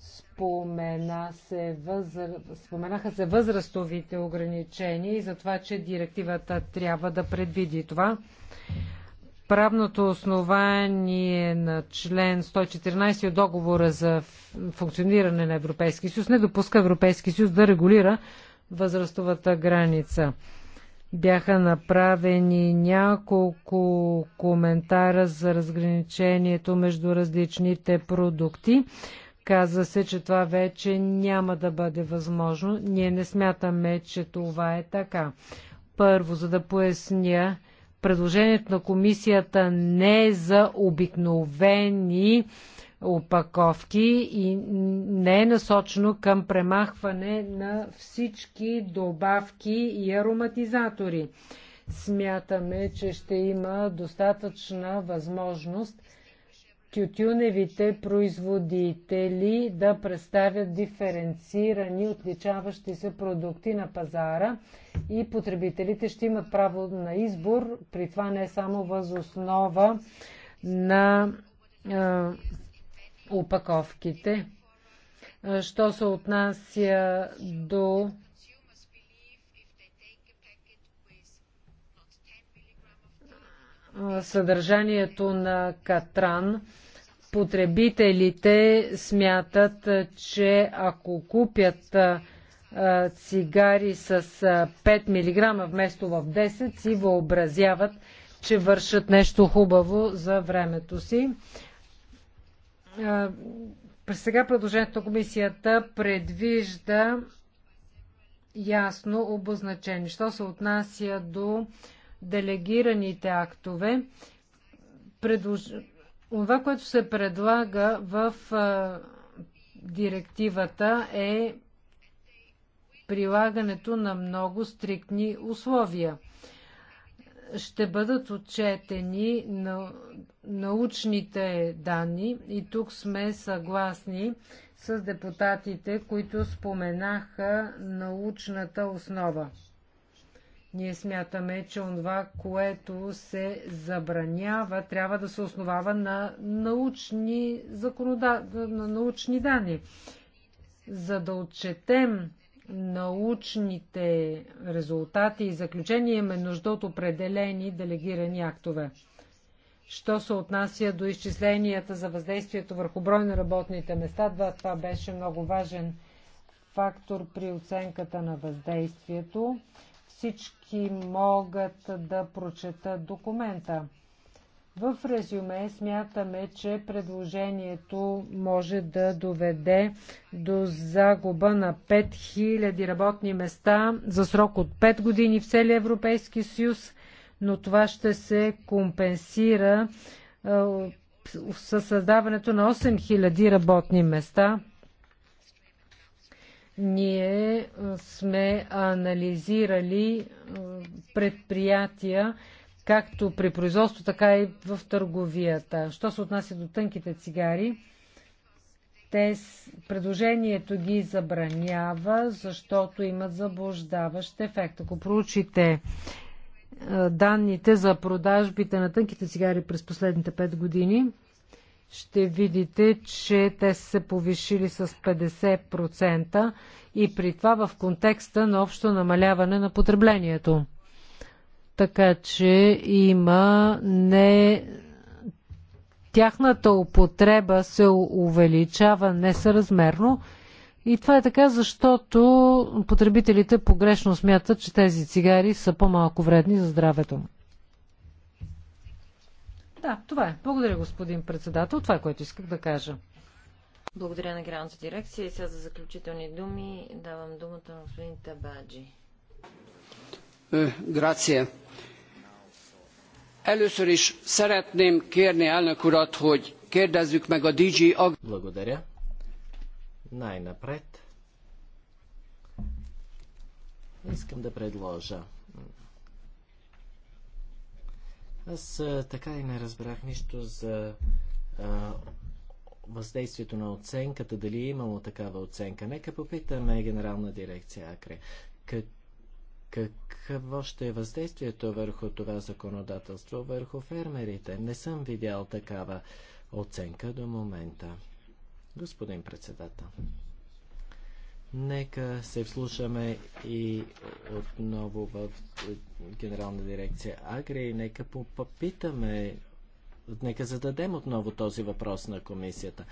Спомена се възр... Споменаха се възрастовите ограничения и за това, че директивата трябва да предвиди това. Правното основание на член 114 от договора за функциониране на Европейския съюз не допуска Европейския съюз да регулира възрастовата граница. Бяха направени няколко коментара за разграничението между различните продукти. Каза се, че това вече няма да бъде възможно. Ние не смятаме, че това е така. Първо, за да поясня, предложението на комисията не е за обикновени опаковки и не е насочено към премахване на всички добавки и ароматизатори. Смятаме, че ще има достатъчна възможност тютюневите производители да представят диференцирани, отличаващи се продукти на пазара и потребителите ще имат право на избор, при това не само възоснова на опаковките. Що се отнася до съдържанието на катран, потребителите смятат, че ако купят цигари с 5 мг вместо в 10, си въобразяват, че вършат нещо хубаво за времето си. Е, през сега предложението на комисията предвижда ясно обозначени. Що се отнася до делегираните актове, предлож... това, което се предлага в а, е, директивата е прилагането на много стриктни условия ще бъдат отчетени на научните данни и тук сме съгласни с депутатите, които споменаха научната основа. Ние смятаме, че това, което се забранява, трябва да се основава на научни, законода... на научни данни. За да отчетем научните резултати и заключения имаме нужда от определени делегирани актове. Що се отнася до изчисленията за въздействието върху брой на работните места, да, това беше много важен фактор при оценката на въздействието. Всички могат да прочетат документа. В резюме смятаме, че предложението може да доведе до загуба на 5000 работни места за срок от 5 години в целия Европейски съюз, но това ще се компенсира със създаването на 8000 работни места. Ние сме анализирали предприятия, както при производство, така и в търговията. Що се отнася до тънките цигари, те предложението ги забранява, защото имат заблуждаващ ефект. Ако проучите е, данните за продажбите на тънките цигари през последните 5 години, ще видите, че те са се повишили с 50% и при това в контекста на общо намаляване на потреблението така че има не тяхната употреба се увеличава несъразмерно. И това е така, защото потребителите погрешно смятат, че тези цигари са по-малко вредни за здравето. Да, това е. Благодаря, господин председател. Това е, което исках да кажа.
Благодаря на Гранната дирекция и сега за заключителни думи давам думата на господин Табаджи.
Е, грация.
Először is szeretném kérni elnök urat, hogy kérdezzük meg a DG Ag... Благодаря. Най-напред. Искам да предложа. Аз така и не разбрах нищо за въздействието на оценката, дали е имало такава оценка. Нека попитаме Генерална дирекция АКРЕ. Като. Какво ще е въздействието върху това законодателство, върху фермерите? Не съм видял такава оценка до момента. Господин председател, нека се вслушаме и отново в Генерална дирекция Агри и нека попитаме Нека зададем отново този въпрос на комисията.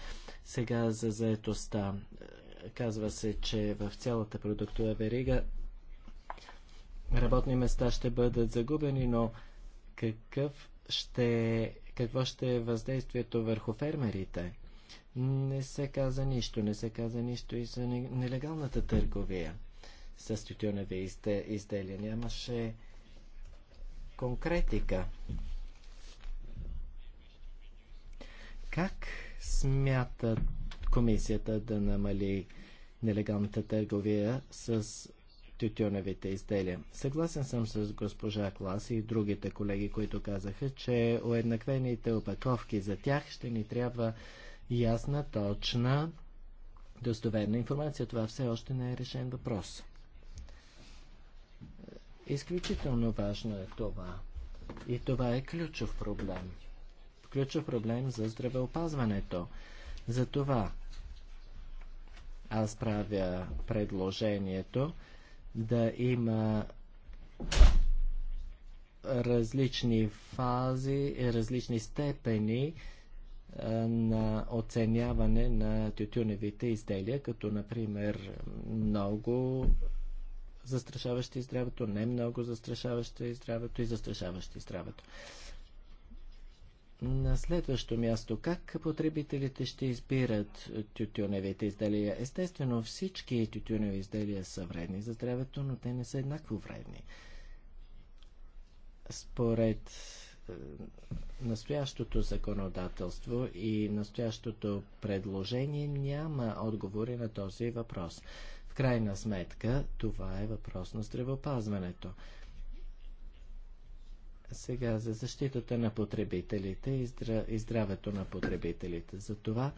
Сега за заетостта. Казва се, че в цялата продуктова верига работни места ще бъдат загубени, но какъв ще, какво ще е въздействието върху фермерите? Не се каза нищо, не се каза нищо и за нелегалната търговия с тютюневи изделия. Нямаше конкретика. Как смята комисията да намали нелегалната търговия с тютюневите изделия. Съгласен съм с госпожа Клас и другите колеги, които казаха, че уеднаквените опаковки за тях ще ни трябва ясна, точна, достоверна информация. Това все още не е решен въпрос. Изключително важно е това. И това е ключов проблем. Ключов проблем за здравеопазването. Затова аз правя предложението да има различни фази, и различни степени на оценяване на тютюневите изделия, като например много застрашаващи здравето, не много застрашаващи здравето и застрашаващи здравето. На следващо място, как потребителите ще избират тютюневите изделия? Естествено, всички тютюневи изделия са вредни за здравето, но те не са еднакво вредни. Според е, настоящото законодателство и настоящото предложение няма отговори на този въпрос. В крайна сметка, това е въпрос на здравеопазването. Сега за защитата на потребителите и, и здравето на потребителите. За това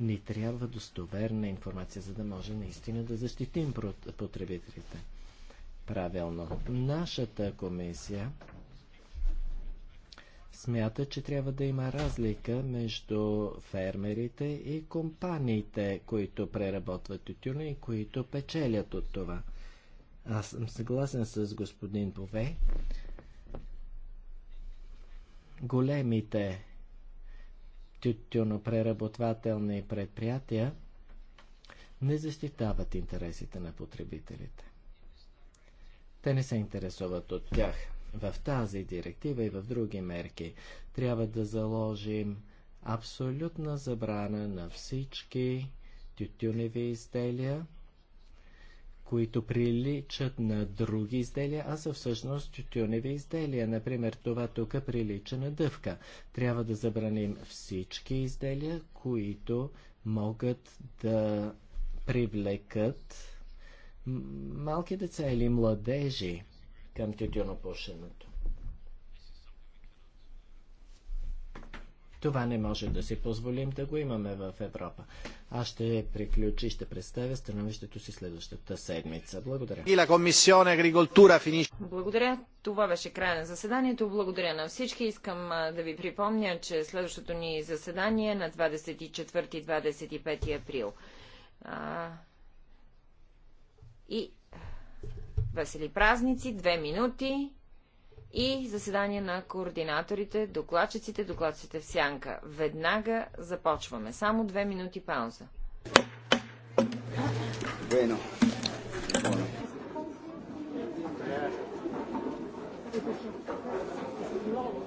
ни трябва достоверна информация, за да може наистина да защитим потребителите. Правилно. Нашата комисия смята, че трябва да има разлика между фермерите и компаниите, които преработват тютюна и които печелят от това. Аз съм съгласен с господин Бове, големите тютюнопреработвателни предприятия не защитават интересите на потребителите. Те не се интересуват от тях. В тази директива и в други мерки трябва да заложим абсолютна забрана на всички тютюневи изделия – които приличат на други изделия, а са всъщност тютюневи изделия. Например, това тук прилича на дъвка. Трябва да забраним всички изделия, които могат да привлекат малки деца или младежи към тютюнопушенето. Това не може да си позволим да го имаме в Европа. Аз ще приключи и ще представя становището си следващата седмица. Благодаря. И
комисионе агрикултура финиш.
Благодаря. Това беше края на заседанието. Благодаря на всички. Искам да ви припомня, че следващото ни заседание е на 24-25 април. А... И весели празници, две минути и заседание на координаторите, докладчиците, докладците в сянка. Веднага започваме. Само две минути пауза.
Bueno. Bueno.